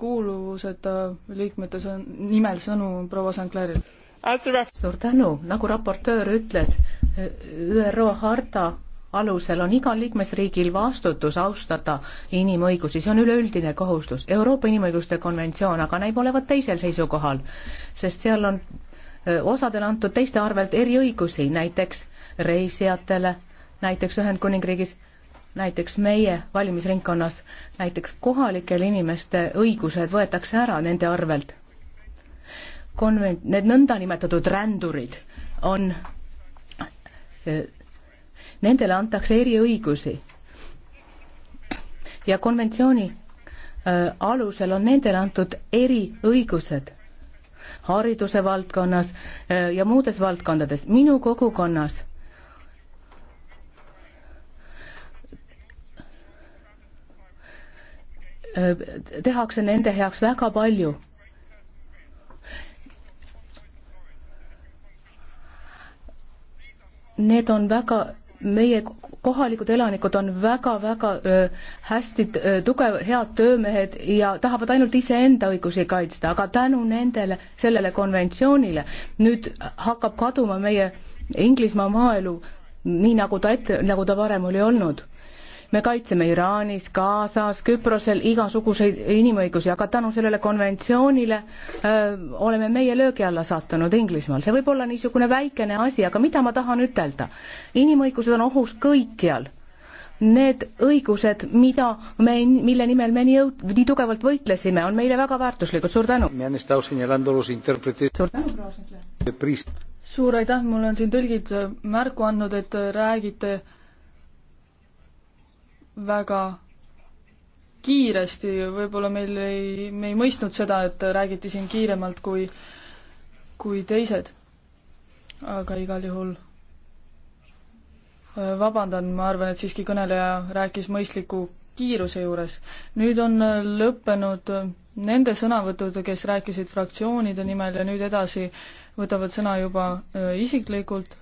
kuuluvuseta liikmete sõn-, nimel sõnu proua Sankleril. suur tänu, nagu raportöör ütles, ÜRO harta alusel on igal liikmesriigil vastutus austada inimõigusi, see on üleüldine kohustus. Euroopa Inimõiguste Konventsioon aga näib olevat teisel seisukohal, sest seal on osadele antud teiste arvelt eriõigusi, näiteks reisijatele, näiteks Ühendkuningriigis, näiteks meie valimisringkonnas, näiteks kohalikel inimeste õigused võetakse ära nende arvelt. konvent-, need nõndanimetatud rändurid on nendele antakse eriõigusi. ja konventsiooni äh, alusel on nendele antud eriõigused hariduse valdkonnas äh, ja muudes valdkondades. minu kogukonnas äh, tehakse nende heaks väga palju. Need on väga meie kohalikud elanikud on väga-väga hästi tugev, head töömehed ja tahavad ainult iseenda õigusi kaitsta, aga tänu nendele, sellele konventsioonile nüüd hakkab kaduma meie Inglismaa maaelu nii, nagu ta ette, nagu ta varem oli olnud me kaitseme Iraanis, Gazas, Küprosel igasuguseid inimõigusi, aga tänu sellele konventsioonile öö, oleme meie löögi alla sattunud Inglismaal. see võib olla niisugune väikene asi, aga mida ma tahan ütelda? inimõigused on ohus kõikjal need õigused, mida me, mille nimel me nii jõud-, nii tugevalt võitlesime, on meile väga väärtuslikud, suur tänu. suur tänu, proua Sinclair. suur aitäh, mulle on siin tõlgid äh, märku andnud, et äh, räägite väga kiiresti, võib-olla meil ei, me ei mõistnud seda, et räägiti siin kiiremalt kui, kui teised. aga igal juhul äh, vabandan, ma arvan, et siiski kõneleja rääkis mõistliku kiiruse juures. nüüd on äh, lõppenud äh, nende sõnavõtud, kes rääkisid fraktsioonide nimel ja nüüd edasi võtavad sõna juba isiklikult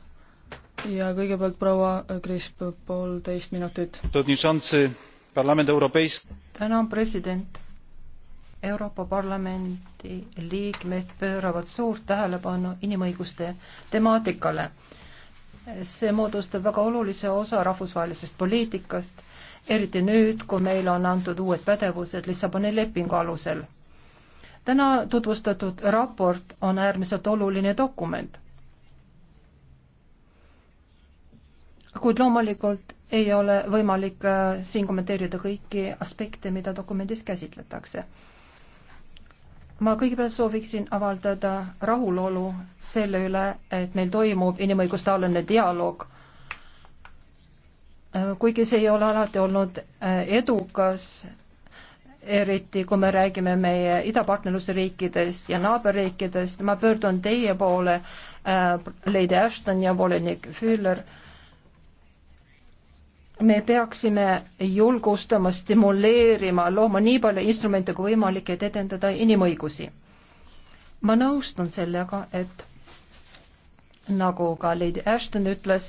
ja kõigepealt proua Krisp, poolteist minutit. tänan, president. Euroopa Parlamendi liikmed pööravad suurt tähelepanu inimõiguste temaatikale. see moodustab väga olulise osa rahvusvahelisest poliitikast, eriti nüüd, kui meile on antud uued pädevused Lissaboni lepingu alusel. täna tutvustatud raport on äärmiselt oluline dokument kuid loomulikult ei ole võimalik äh, siin kommenteerida kõiki aspekte, mida dokumendis käsitletakse. ma kõigepealt sooviksin avaldada rahulolu selle üle, et meil toimub inimõiguste alane dialoog äh, kuigi see ei ole alati olnud äh, edukas, eriti kui me räägime meie idapartnerluse riikidest ja naaberriikidest, ma pöördun teie poole, Lady Ashton ja volinik Füller, me peaksime julgustama, stimuleerima, looma nii palju instrumente kui võimalik, et edendada inimõigusi. ma nõustun sellega, et nagu ka Lady Ashton ütles,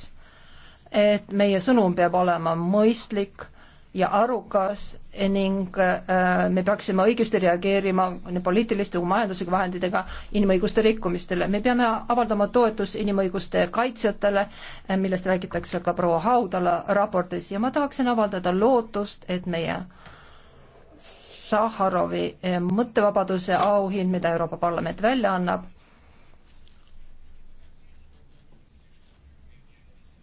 et meie sõnum peab olema mõistlik ja arukas ning äh, me peaksime õigesti reageerima poliitiliste kui majanduslike vahenditega inimõiguste rikkumistele. me peame avaldama toetus inimõiguste kaitsjatele, äh, millest räägitakse ka proua Haudala raportis ja ma tahaksin avaldada lootust, et meie Saharovi äh, mõttevabaduse auhind, mida Euroopa Parlament välja annab,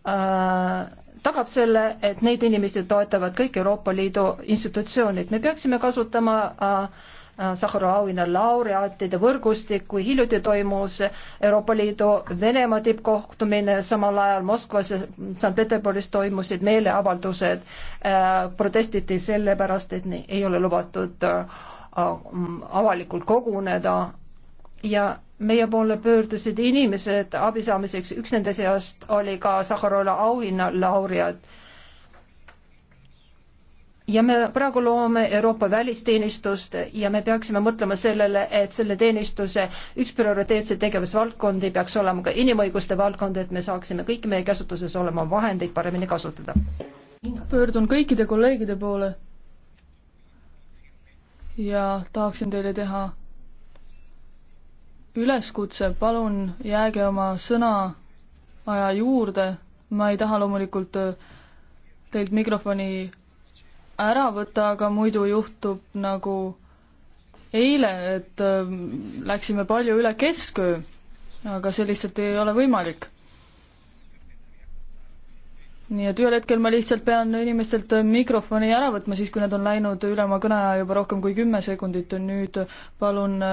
äh, tagab selle, et neid inimesi toetavad kõik Euroopa Liidu institutsioonid. me peaksime kasutama äh, äh, Sahara auhinna laureaatide võrgustik, kui hiljuti toimus Euroopa Liidu Venemaa tippkohtumine, samal ajal Moskvas ja Sankt-Peterburis toimusid meeleavaldused, äh, protestiti selle pärast, et ei ole lubatud avalikult koguneda ja meie poole pöördusid inimesed abi saamiseks, üks nende seast oli ka Sahharola auhinna laureaat. ja me praegu loome Euroopa välisteenistust ja me peaksime mõtlema sellele, et selle teenistuse üks prioriteetseid tegevusvaldkondi peaks olema ka inimõiguste valdkond, et me saaksime kõiki meie käsutuses olema vahendeid paremini kasutada. pöördun kõikide kolleegide poole ja tahaksin teile teha üleskutse, palun jääge oma sõna aja juurde, ma ei taha loomulikult äh, teilt mikrofoni ära võtta, aga muidu juhtub nagu eile, et äh, läksime palju üle keskööl, aga see lihtsalt ei ole võimalik nii et ühel hetkel ma lihtsalt pean inimestelt mikrofoni ära võtma, siis kui nad on läinud üle oma kõneaja juba rohkem kui kümme sekundit, nüüd palun äh,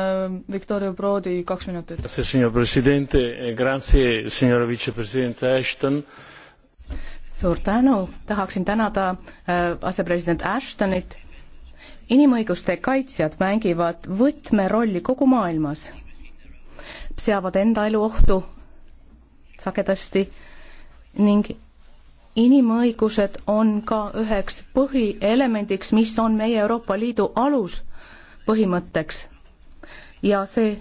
Viktoria Prodi kaks minutit. E suur tänu, tahaksin tänada äh, asepresident Ashtonit. inimõiguste kaitsjad mängivad võtmerolli kogu maailmas, seavad enda elu ohtu sagedasti ning inimõigused on ka üheks põhielemendiks, mis on meie Euroopa Liidu aluspõhimõtteks. ja see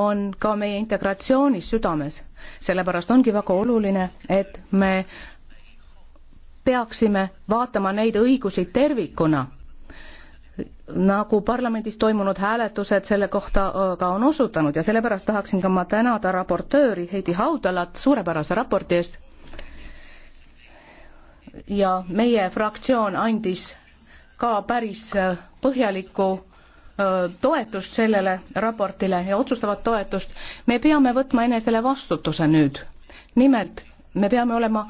on ka meie integratsiooni südames. sellepärast ongi väga oluline, et me peaksime vaatama neid õigusi tervikuna, nagu parlamendis toimunud hääletused selle kohta äh, ka on osutanud ja sellepärast tahaksin ka ma tänada raportööri Heidi Haudalat suurepärase raporti eest ja meie fraktsioon andis ka päris äh, põhjalikku äh, toetust sellele raportile ja otsustavat toetust, me peame võtma enesele vastutuse nüüd. nimelt, me peame olema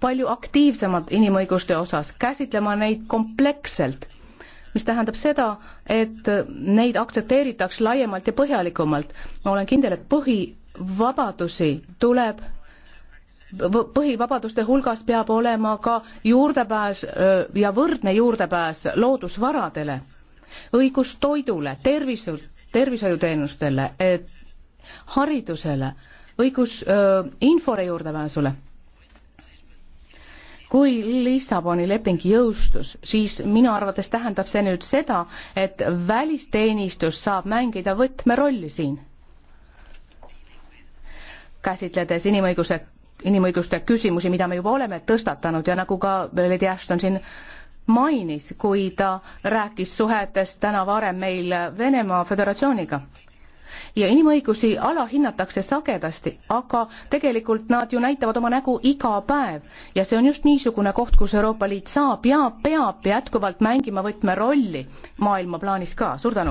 palju aktiivsemad inimõiguste osas, käsitlema neid kompleksselt, mis tähendab seda, et äh, neid aktsepteeritaks laiemalt ja põhjalikumalt. ma olen kindel, et põhivabadusi tuleb põhivabaduste hulgas peab olema ka juurdepääs ja võrdne juurdepääs loodusvaradele, õigus toidule, tervise, tervishoiuteenustele, haridusele, õigus infole juurdepääsule. kui Lissaboni leping jõustus, siis minu arvates tähendab see nüüd seda, et välisteenistus saab mängida võtmerolli siin käsitledes inimõiguse inimõiguste küsimusi, mida me juba oleme tõstatanud ja nagu ka Lady Ashton siin mainis, kui ta rääkis suhetest täna varem meil Venemaa Föderatsiooniga. ja inimõigusi alahinnatakse sagedasti, aga tegelikult nad ju näitavad oma nägu iga päev ja see on just niisugune koht, kus Euroopa Liit saab ja peab jätkuvalt mängima võtmerolli maailma plaanis ka. suur tänu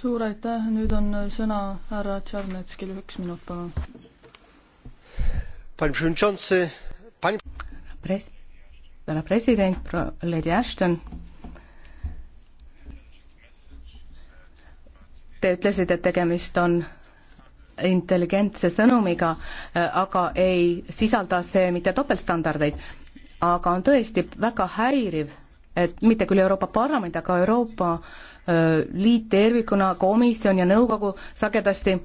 suur aitäh, nüüd on sõna härra Tšarnetskil, üks minut palun. Pres-, härra president, lady Ashton. Te ütlesite, et tegemist on intelligentse sõnumiga, äh, aga ei sisalda see mitte topeltstandardeid, aga on tõesti väga häiriv, et mitte küll Euroopa Parlament, aga Euroopa liit tervikuna, komisjon ja nõukogu sagedasti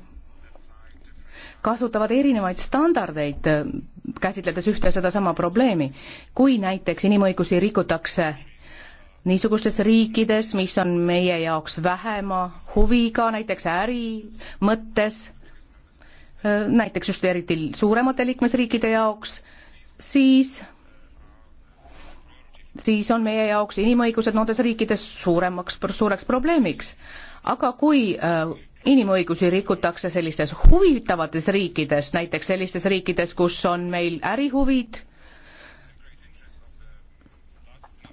kasutavad erinevaid standardeid, käsitledes ühte sedasama probleemi. kui näiteks inimõigusi rikutakse niisugustes riikides, mis on meie jaoks vähema huviga, näiteks äri mõttes, näiteks just eriti suuremate liikmesriikide jaoks, siis siis on meie jaoks inimõigused nendes riikides suuremaks, suureks probleemiks. aga kui äh, inimõigusi rikutakse sellistes huvitavates riikides, näiteks sellistes riikides, kus on meil ärihuvid,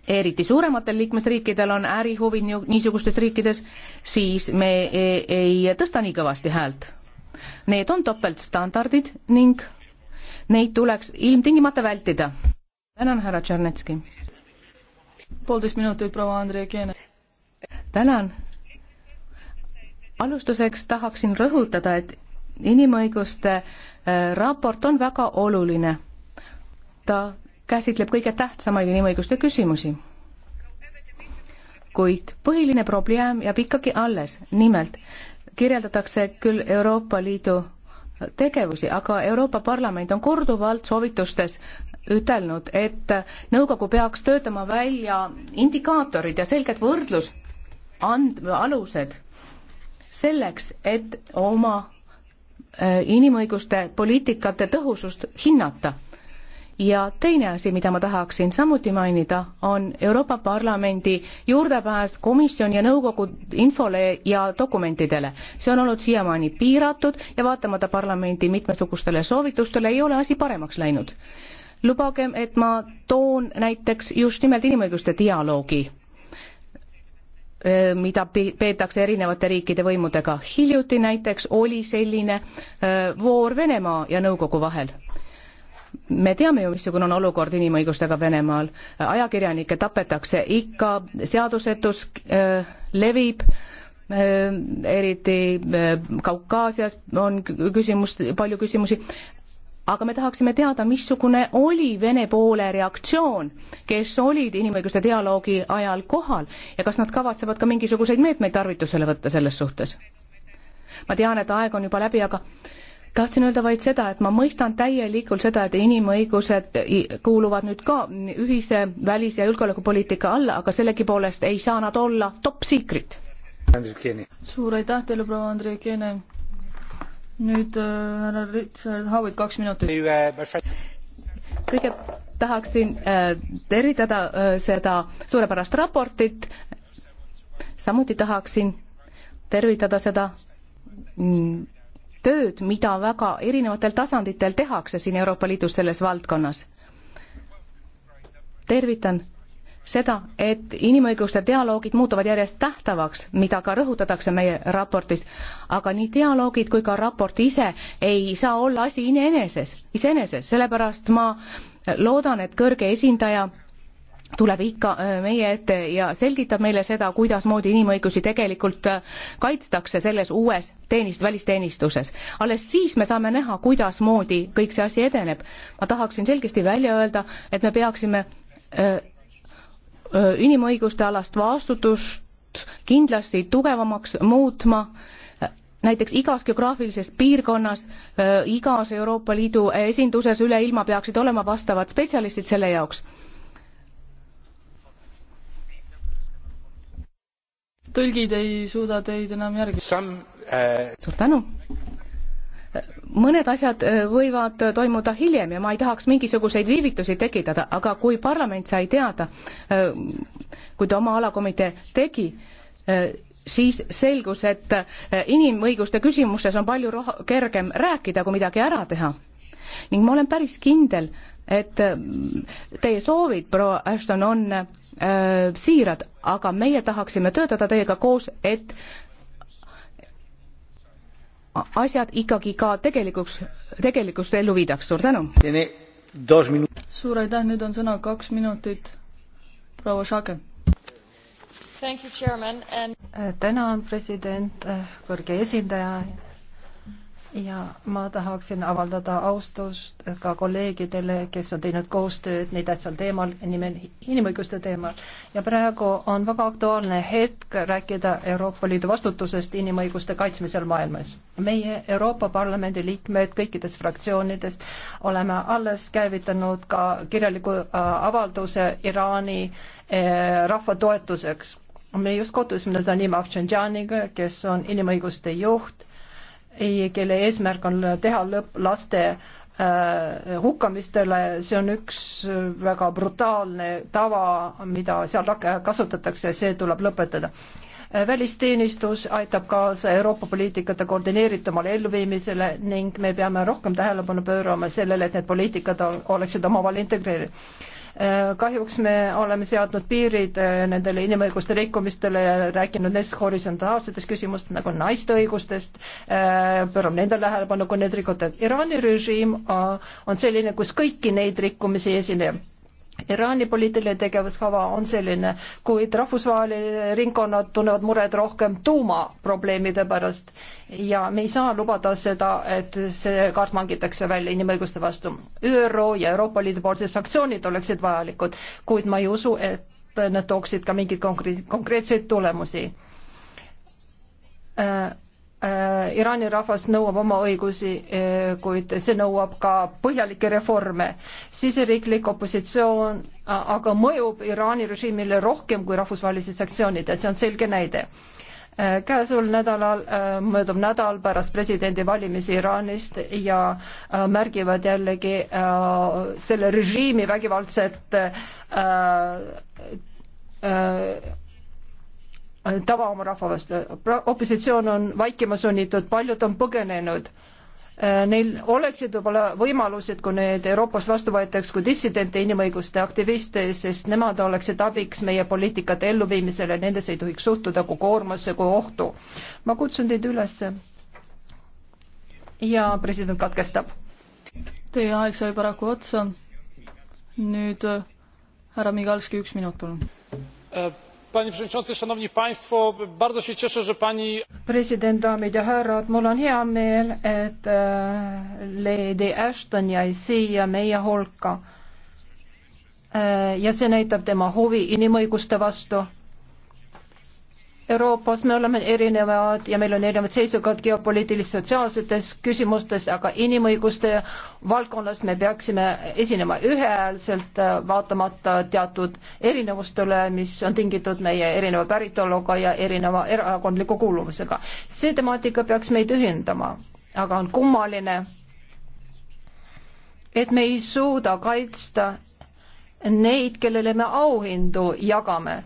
eriti suurematel liikmesriikidel on ärihuvid niisugustes riikides, siis me ei, ei tõsta nii kõvasti häält. Need on topeltstandardid ning neid tuleks ilmtingimata vältida. tänan, härra Tšernetski poolteist minutit, proua Andrei-Keene. tänan. alustuseks tahaksin rõhutada, et inimõiguste äh, raport on väga oluline. ta käsitleb kõige tähtsamaid inimõiguste küsimusi. kuid põhiline probleem jääb ikkagi alles, nimelt kirjeldatakse küll Euroopa Liidu tegevusi, aga Euroopa Parlament on korduvalt soovitustes ütelnud, et nõukogu peaks töötama välja indikaatorid ja selged võrdlus and-, alused selleks, et oma äh, inimõiguste poliitikate tõhusust hinnata. ja teine asi, mida ma tahaksin samuti mainida, on Euroopa Parlamendi juurdepääs komisjoni ja nõukogu infole ja dokumentidele. see on olnud siiamaani piiratud ja vaatamata parlamendi mitmesugustele soovitustele ei ole asi paremaks läinud lubagem, et ma toon näiteks just nimelt inimõiguste dialoogi, eh, mida peetakse erinevate riikide võimudega. hiljuti näiteks oli selline eh, voor Venemaa ja Nõukogu vahel me teame ju, missugune on olukord inimõigustega Venemaal. ajakirjanikke tapetakse ikka, seadusetus äh, levib äh,, eriti äh, Kaukaasias on küsimus, palju küsimusi aga me tahaksime teada, missugune oli Vene poole reaktsioon, kes olid inimõiguste dialoogi ajal kohal ja kas nad kavatsevad ka mingisuguseid meetmeid tarvitusele võtta selles suhtes? ma tean, et aeg on juba läbi, aga tahtsin öelda vaid seda, et ma mõistan täielikult seda, et inimõigused kuuluvad nüüd ka ühise välis- ja julgeolekupoliitika alla, aga sellegipoolest ei saa nad olla top secret. suur aitäh teile, proua Andrei Keene nüüd äh, härra äh, Richard Howitt, kaks minutit. Uh, kõigepealt tahaksin äh, tervitada äh, seda suurepärast raportit, samuti tahaksin tervitada seda mm, tööd, mida väga erinevatel tasanditel tehakse siin Euroopa Liidus selles valdkonnas. tervitan seda, et inimõiguste dialoogid muutuvad järjest tähtavaks, mida ka rõhutatakse meie raportis, aga nii dialoogid kui ka raport ise ei saa olla asi iseeneses, iseeneses, sellepärast ma loodan, et kõrge esindaja tuleb ikka äh, meie ette ja selgitab meile seda, kuidasmoodi inimõigusi tegelikult äh, kaitstakse selles uues teenist-, välisteenistuses. alles siis me saame näha, kuidasmoodi kõik see asi edeneb. ma tahaksin selgesti välja öelda, et me peaksime öö, äh, inimõiguste alast vastutust kindlasti tugevamaks muutma, näiteks igas geograafilises piirkonnas, igas Euroopa Liidu esinduses üle ilma peaksid olema vastavad spetsialistid selle jaoks. tõlgid ei suuda teid enam järgi. Uh... suur tänu! mõned asjad äh, võivad äh, toimuda hiljem ja ma ei tahaks mingisuguseid viivitusi tekitada, aga kui parlament sai teada, äh, kui ta oma alakomitee tegi, siis selgus, et inimõiguste küsimuses on palju roh-, kergem rääkida, kui midagi ära teha. ning ma olen päris kindel, et teie soovid, proua Ashton, on äh, siirad, aga meie tahaksime töötada teiega koos, et asjad ikkagi ka tegelikuks, tegelikkust ellu viidaks, suur tänu! suur aitäh, nüüd on sõna kaks minutit, proua Šake. tänan, president, kõrge esindaja ja ma tahaksin avaldada austust ka kolleegidele, kes on teinud koostööd nii tähtsal teemal, nimel inimõiguste teemal. ja praegu on väga aktuaalne hetk rääkida Euroopa Liidu vastutusest inimõiguste kaitsmisel maailmas. meie Euroopa Parlamendi liikmed kõikidest fraktsioonidest oleme alles käivitanud ka kirjaliku äh, avalduse Iraani äh, rahva toetuseks. me just kohtusime Zanima Afšandžaniga, kes on inimõiguste juht kelle eesmärk on teha lõpp laste äh, hukkamistele, see on üks äh, väga brutaalne tava, mida seal kasutatakse, see tuleb lõpetada välisteenistus aitab kaasa Euroopa poliitikate koordineeritumale elluviimisele ning me peame rohkem tähelepanu pöörama sellele, et need poliitikad oleksid omavahel integreeritud. Äh, kahjuks me oleme seadnud piirid äh, nendele inimõiguste rikkumistele ja rääkinud neist horisontaalsetest küsimustest nagu naiste õigustest, äh, pöörame nende tähelepanu, kui need rikuvad. Iraani režiim on selline, kus kõiki neid rikkumisi esineb Iraani poliitiline tegevuskava on selline, kuid rahvusvahelised ringkonnad tunnevad muret rohkem tuumaprobleemide pärast ja me ei saa lubada seda, et see kaart mangitakse välja inimõiguste vastu. ÜRO ja Euroopa Liidu poolsed sanktsioonid oleksid vajalikud, kuid ma ei usu, et need tooksid ka mingeid konkreetseid tulemusi äh, Äh, Iraani rahvas nõuab oma õigusi, äh, kuid see nõuab ka põhjalikke reforme. siseriiklik opositsioon aga mõjub Iraani režiimile rohkem kui rahvusvahelised sanktsioonid ja see on selge näide. Äh, käesoleval nädalal möödub nädal pärast presidendivalimisi Iraanist ja märgivad jällegi selle režiimi vägivaldset tava oma rahva vastu. opositsioon on vaikima sunnitud, paljud on põgenenud. Äh, neil oleksid võib-olla võimalused, kui need Euroopas vastu võetaks, kui dissidente, inimõiguste aktiviste, sest nemad oleksid abiks meie poliitikate elluviimisele, nendesse ei tohiks suhtuda kui koormasse, kui ohtu. ma kutsun teid üles. ja president katkestab. Teie aeg sai paraku otsa. nüüd härra Migalski, üks minut, palun uh panie przewodniczący! szanowni państwo! bardzo się cieszę że pani president daamid ja härrad mul on hea meel et äh, lady ashton jäi siia meie hulka äh, ja see näitab tema huvi inimõiguste vastu. Euroopas me oleme erinevad ja meil on erinevad seisukohad geopoliitilistes, sotsiaalsetes küsimustes, aga inimõiguste valdkonnas me peaksime esinema ühehäälselt, vaatamata teatud erinevustele, mis on tingitud meie erineva päritoluga ja erineva erakondliku kuuluvusega. see temaatika peaks meid ühendama, aga on kummaline, et me ei suuda kaitsta neid, kellele me auhindu jagame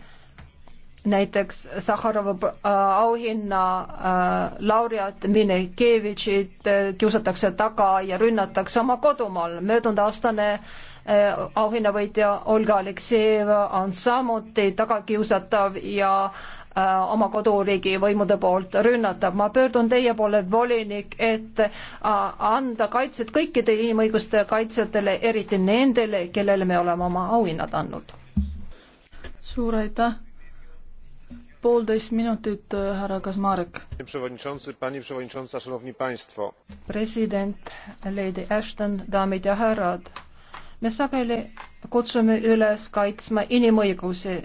näiteks Sahharova äh, auhinna äh, laureaat Minekevitšit äh, kiusatakse taga ja rünnatakse oma kodumaal. möödunud aastane auhinnavõitja Olga Aleksejeva on samuti tagakiusatav ja oma koduriigi võimude poolt rünnatav. ma pöördun teie poole, volinik, et anda kaitset kõikidele inimõiguste kaitsjatele, eriti nendele, kellele me oleme oma auhinnad andnud. suur aitäh poolteist minutit, äh, härra Kasmarek. president, Lady Ashton, daamid ja härrad. me sageli kutsume üles kaitsma inimõigusi,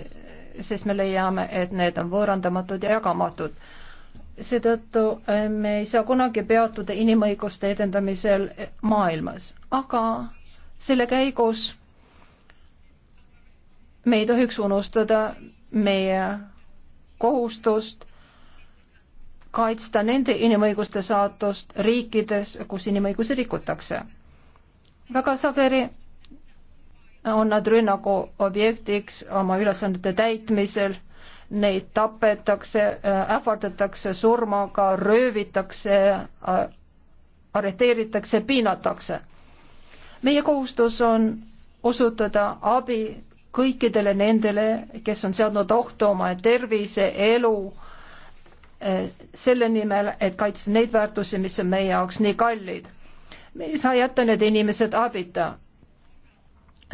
sest me leiame, et need on võõrandamatud ja jagamatud seetõttu äh, me ei saa kunagi peatuda inimõiguste edendamisel äh, maailmas, aga selle käigus me ei tohiks unustada meie kohustust kaitsta nende inimõiguste saatust riikides, kus inimõigusi rikutakse. väga sageli on nad rünnaku objektiks oma ülesannete täitmisel, neid tapetakse, äh, ähvardatakse surmaga, röövitakse, äh, arreteeritakse, piinatakse. meie kohustus on osutada abi kõikidele nendele, kes on seadnud ohtu oma tervise, elu, eh, selle nimel, et kaitsta neid väärtusi, mis on meie jaoks nii kallid. me ei saa jätta need inimesed abita.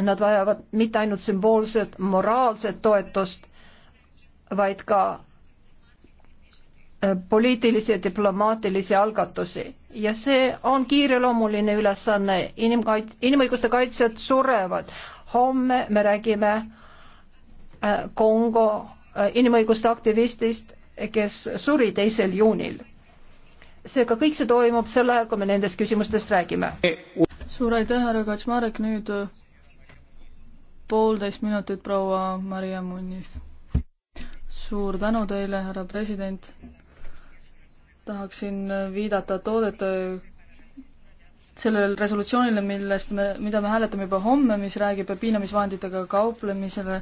Nad vajavad mitte ainult sümboolset moraalset toetust, vaid ka eh, poliitilisi ja diplomaatilisi algatusi ja see on kiireloomuline ülesanne, inimkait-, inimõiguste kaitsjad surevad, homme me räägime äh, Kongo äh, inimõiguste aktivistist, kes suri teisel juunil. seega kõik see toimub sel ajal, kui me nendest küsimustest räägime. suur aitäh, härra Kaczmarek, nüüd äh, poolteist minutit, proua Maria Munnis. suur tänu teile, härra president. tahaksin viidata toodete sellel resolutsioonile, millest me, mida me hääletame juba homme, mis räägib piinamisvahenditega kauplemisele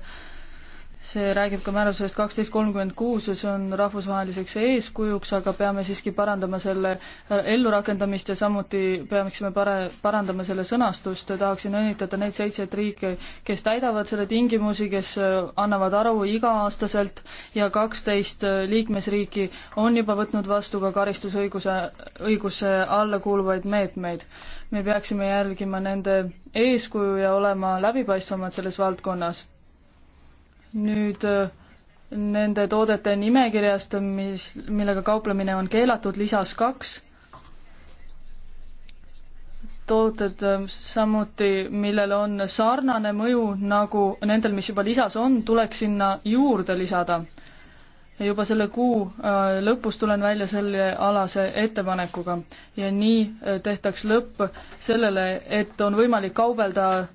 see räägib ka määrusest kaksteist kolmkümmend kuus ja see on rahvusvaheliseks eeskujuks, aga peame siiski parandama selle äh, ellurakendamist ja samuti peaksime pare-, parandama selle sõnastust ja tahaksin õnnitleda neid seitset riiki, kes täidavad selle tingimusi, kes äh, annavad aru iga-aastaselt ja kaksteist äh, liikmesriiki on juba võtnud vastu ka karistusõiguse, õiguse alla kuuluvaid meetmeid. me peaksime jälgima nende eeskuju ja olema läbipaistvamad selles valdkonnas nüüd äh, nende toodete nimekirjast, mis, millega kauplemine on keelatud, lisas kaks tooted äh, samuti, millel on sarnane mõju nagu nendel, mis juba lisas on, tuleks sinna juurde lisada. juba selle kuu äh, lõpus tulen välja selle alase ettepanekuga ja nii tehtaks lõpp sellele, et on võimalik kaubelda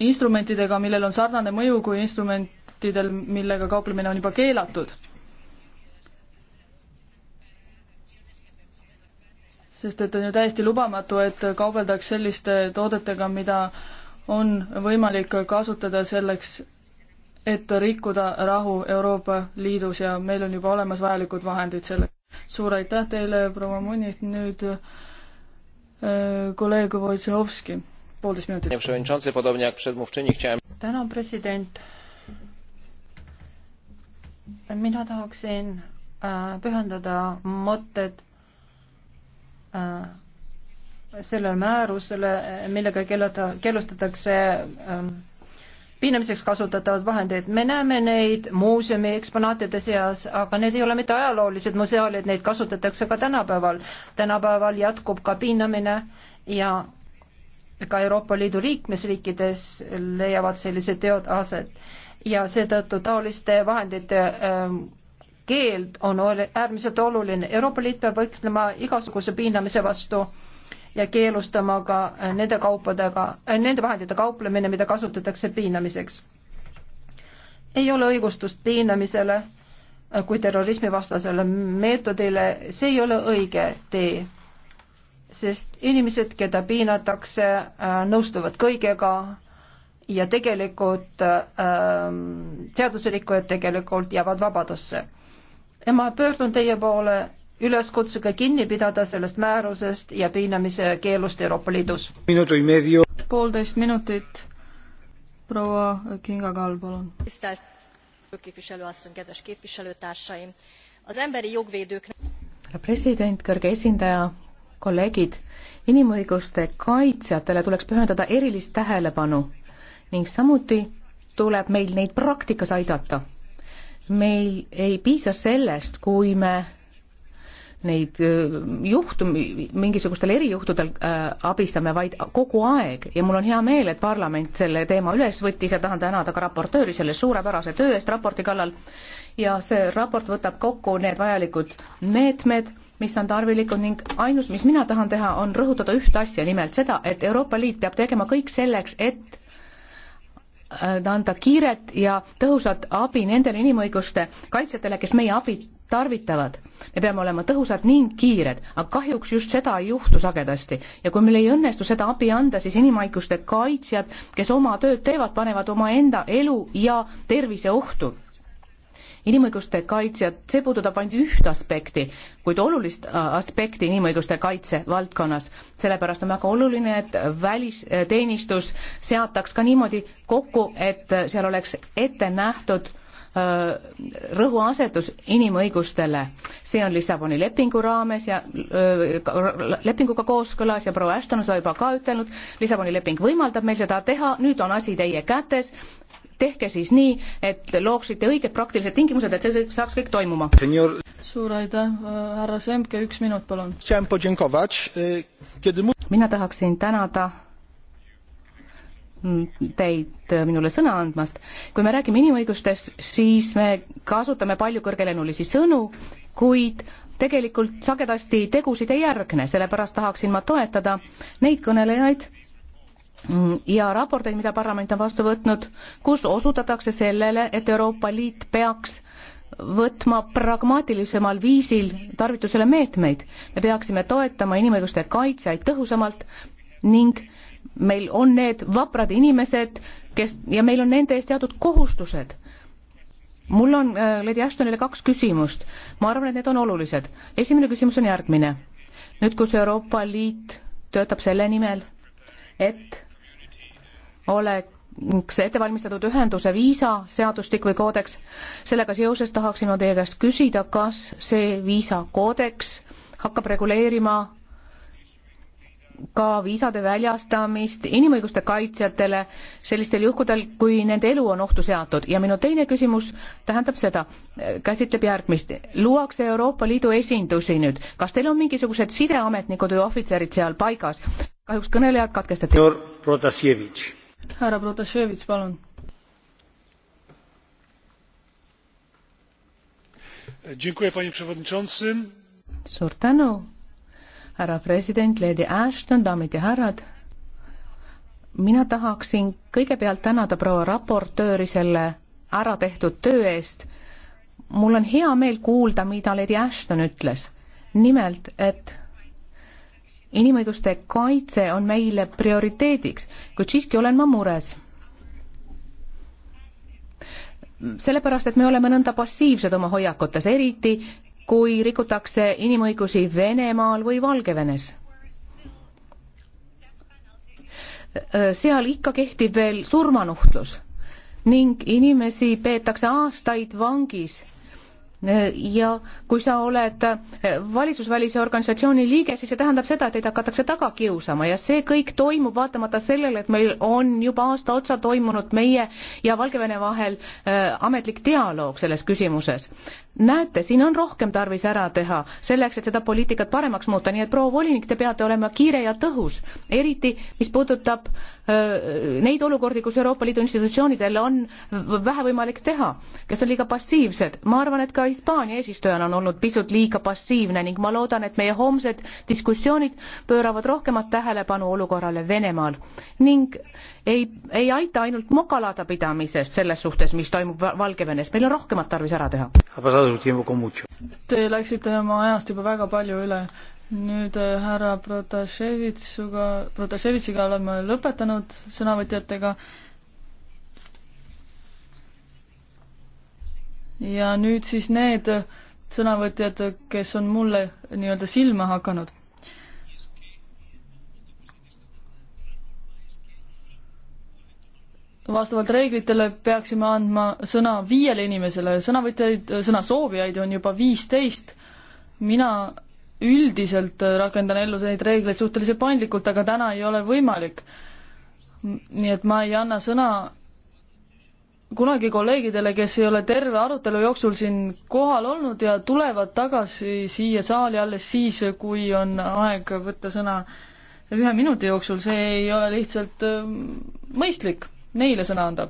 instrumentidega, millel on sarnane mõju kui instrument, toodetele, millega kauplemine on juba keelatud. sest et on ju täiesti lubamatu, et kaubeldaks selliste toodetega, mida on võimalik kasutada selleks, et rikkuda rahu Euroopa Liidus ja meil on juba olemas vajalikud vahendid selleks. suur aitäh teile, proua Munnis, nüüd äh, kolleeg Wojciechowski, poolteist minutit. tänan, president mina tahaksin äh, pühendada mõtted äh, sellele määrusele, millega keelata, keelustatakse ähm, piinamiseks kasutatavad vahendeid, me näeme neid muuseumi eksponaatide seas, aga need ei ole mitte ajaloolised museaalid, neid kasutatakse ka tänapäeval. tänapäeval jätkub ka piinamine ja ka Euroopa Liidu liikmesriikides leiavad sellised teod aset ja seetõttu taoliste vahendite ähm, keeld on äärmiselt oluline. Euroopa Liit peab võitlema igasuguse piinamise vastu ja keelustama ka äh, nende kaupadega, äh, nende vahendite kauplemine, mida kasutatakse piinamiseks. ei ole õigustust piinamisele äh, kui terrorismivastasele meetodile, see ei ole õige tee sest inimesed, keda piinatakse, äh, nõustuvad kõigega ja tegelikult ähm, seadusrikkujad tegelikult jäävad vabadusse. ja ma pöördun teie poole üleskutsega kinni pidada sellest määrusest ja piinamise keelust Euroopa Liidus. poolteist minutit, proua Kinga-Kall, palun. härra president, kõrge esindaja, kolleegid, inimõiguste kaitsjatele tuleks pühendada erilist tähelepanu ning samuti tuleb meil neid praktikas aidata. meil ei piisa sellest, kui me neid äh, juhtumi, mingisugustel erijuhtudel äh, abistame, vaid kogu aeg ja mul on hea meel, et parlament selle teema üles võttis ja tahan tänada ka raportööri selle suurepärase töö eest raporti kallal. ja see raport võtab kokku need vajalikud meetmed mis on tarvilikud ning ainus, mis mina tahan teha, on rõhutada ühte asja, nimelt seda, et Euroopa Liit peab tegema kõik selleks, et äh, anda kiiret ja tõhusat abi nendele inimõiguste kaitsjatele, kes meie abi tarvitavad. me peame olema tõhusad ning kiired, aga kahjuks just seda ei juhtu sagedasti ja kui meil ei õnnestu seda abi anda, siis inimõiguste kaitsjad, kes oma tööd teevad, panevad omaenda elu ja tervise ohtu inimõiguste kaitsjad, see puudutab ainult üht aspekti, kuid olulist äh, aspekti inimõiguste kaitse valdkonnas. sellepärast on väga oluline, et välisteenistus seataks ka niimoodi kokku, et seal oleks ette nähtud äh, rõhuasetus inimõigustele. see on Lissaboni lepingu raames ja öö, äh, lepinguga kooskõlas ja proua Ashton on seda juba ka ütelnud, Lissaboni leping võimaldab meil seda teha, nüüd on asi teie kätes, tehke siis nii, et looksite õiged praktilised tingimused, et see saaks kõik toimuma. suur aitäh, äh, härra Semke, üks minut, palun. E, mina tahaksin tänada mm, teid e, minule sõna andmast. kui me räägime inimõigustest, siis me kasutame palju kõrgelennulisi sõnu, kuid tegelikult sagedasti tegusid ei järgne, sellepärast tahaksin ma toetada neid kõnelejaid, Mm, ja raporteid, mida parlament on vastu võtnud, kus osutatakse sellele, et Euroopa Liit peaks võtma pragmaatilisemal viisil tarvitusele meetmeid. me peaksime toetama inimõiguste kaitsjaid tõhusamalt ning meil on need vaprad inimesed, kes ja meil on nende eest teatud kohustused. mul on äh, Lady Ashtonile kaks küsimust. ma arvan, et need on olulised. esimene küsimus on järgmine. nüüd, kus Euroopa Liit töötab selle nimel, et oleks ettevalmistatud ühenduse viisaseadustik või koodeks. sellega seoses tahaksin ma teie käest küsida, kas see viisakoodeks hakkab reguleerima ka viisade väljastamist inimõiguste kaitsjatele sellistel juhkudel, kui nende elu on ohtu seatud ja minu teine küsimus tähendab seda, käsitleb järgmist, luuakse Euroopa Liidu esindusi nüüd, kas teil on mingisugused sideametnikud või ohvitserid seal paigas? kahjuks kõnelejad katkestati härra Protasevitš, palun. suur tänu, härra president, Lady Ashton, daamid ja härrad. mina tahaksin kõigepealt tänada proua raportööri selle ära tehtud töö eest. mul on hea meel kuulda, mida Lady Ashton ütles. nimelt, et inimõiguste kaitse on meile prioriteediks, kuid siiski olen ma mures. sellepärast, et me oleme nõnda passiivsed oma hoiakutes, eriti kui rikutakse inimõigusi Venemaal või Valgevenes. seal ikka kehtib veel surmanuhtlus ning inimesi peetakse aastaid vangis ja kui sa oled valitsusvälise organisatsiooni liige, siis see tähendab seda, et teid hakatakse taga kiusama ja see kõik toimub vaatamata sellele, et meil on juba aasta otsa toimunud meie ja Valgevene vahel äh, ametlik dialoog selles küsimuses näete, siin on rohkem tarvis ära teha selleks, et seda poliitikat paremaks muuta, nii et proua volinik, te peate olema kiire ja tõhus, eriti mis puudutab öö, neid olukordi, kus Euroopa Liidu institutsioonidel on vähe võimalik teha, kes on liiga passiivsed. ma arvan, et ka Hispaania eesistujana on olnud pisut liiga passiivne ning ma loodan, et meie homsed diskussioonid pööravad rohkemat tähelepanu olukorrale Venemaal ning ei, ei aita ainult mokalada pidamisest selles suhtes, mis toimub Valgevenes, meil on rohkemat tarvis ära teha. Te läksite oma ajast juba väga palju üle. nüüd äh, härra Protasevitsuga, Protasevitšiga oleme lõpetanud sõnavõtjatega ja nüüd siis need sõnavõtjad, kes on mulle nii-öelda silma hakanud. vastavalt reeglitele peaksime andma sõna viiele inimesele, sõnavõtjaid, sõnasoovijaid on juba viisteist. mina üldiselt rakendan ellu neid reegleid suhteliselt paindlikult, aga täna ei ole võimalik. nii et ma ei anna sõna kunagi kolleegidele, kes ei ole terve arutelu jooksul siin kohal olnud ja tulevad tagasi siia saali alles siis, kui on aeg võtta sõna ühe minuti jooksul, see ei ole lihtsalt mõistlik neile sõna anda.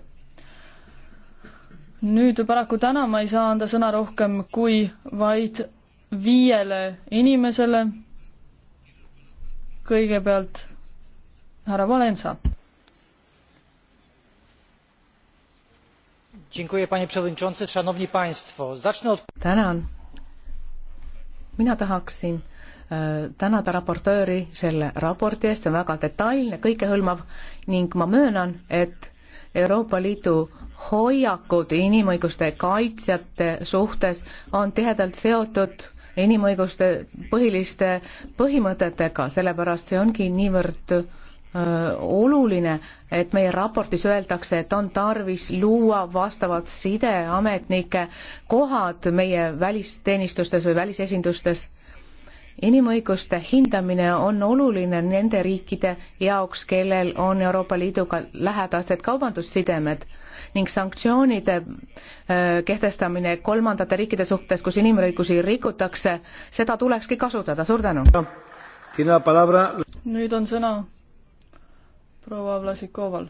nüüd paraku täna ma ei saa anda sõna rohkem kui vaid viiele inimesele. kõigepealt härra Valensa. tänan. mina tahaksin äh, tänada raportööri selle raporti eest, see on väga detailne, kõikehõlmav ning ma möönan, et Euroopa Liidu hoiakud inimõiguste kaitsjate suhtes on tihedalt seotud inimõiguste põhiliste põhimõtetega, sellepärast see ongi niivõrd öö, oluline, et meie raportis öeldakse, et on tarvis luua vastavad sideametnike kohad meie välisteenistustes või välisesindustes inimõiguste hindamine on oluline nende riikide jaoks, kellel on Euroopa Liiduga lähedased kaubandussidemed ning sanktsioonide äh, kehtestamine kolmandate riikide suhtes, kus inimõigusi rikutakse, seda tulekski kasutada, suur tänu. nüüd on sõna proua Vlasikoval.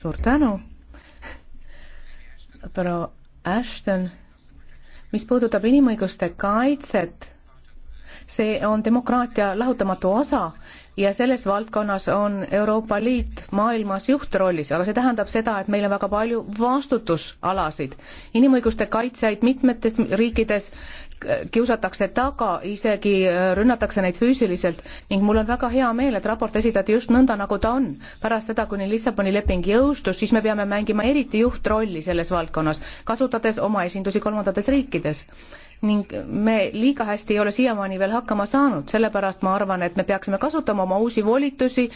suur tänu, proua Ashton mis puudutab inimõiguste kaitset, see on demokraatia lahutamatu osa ja selles valdkonnas on Euroopa Liit maailmas juhtrollis, aga see tähendab seda, et meil on väga palju vastutusalasid. inimõiguste kaitsjaid mitmetes riikides kiusatakse taga, isegi äh, rünnatakse neid füüsiliselt ning mul on väga hea meel, et raport esitati just nõnda, nagu ta on. pärast seda, kuni Lissaboni leping jõustus, siis me peame mängima eriti juhtrolli selles valdkonnas, kasutades oma esindusi kolmandates riikides ning me liiga hästi ei ole siiamaani veel hakkama saanud, sellepärast ma arvan, et me peaksime kasutama oma uusi volitusi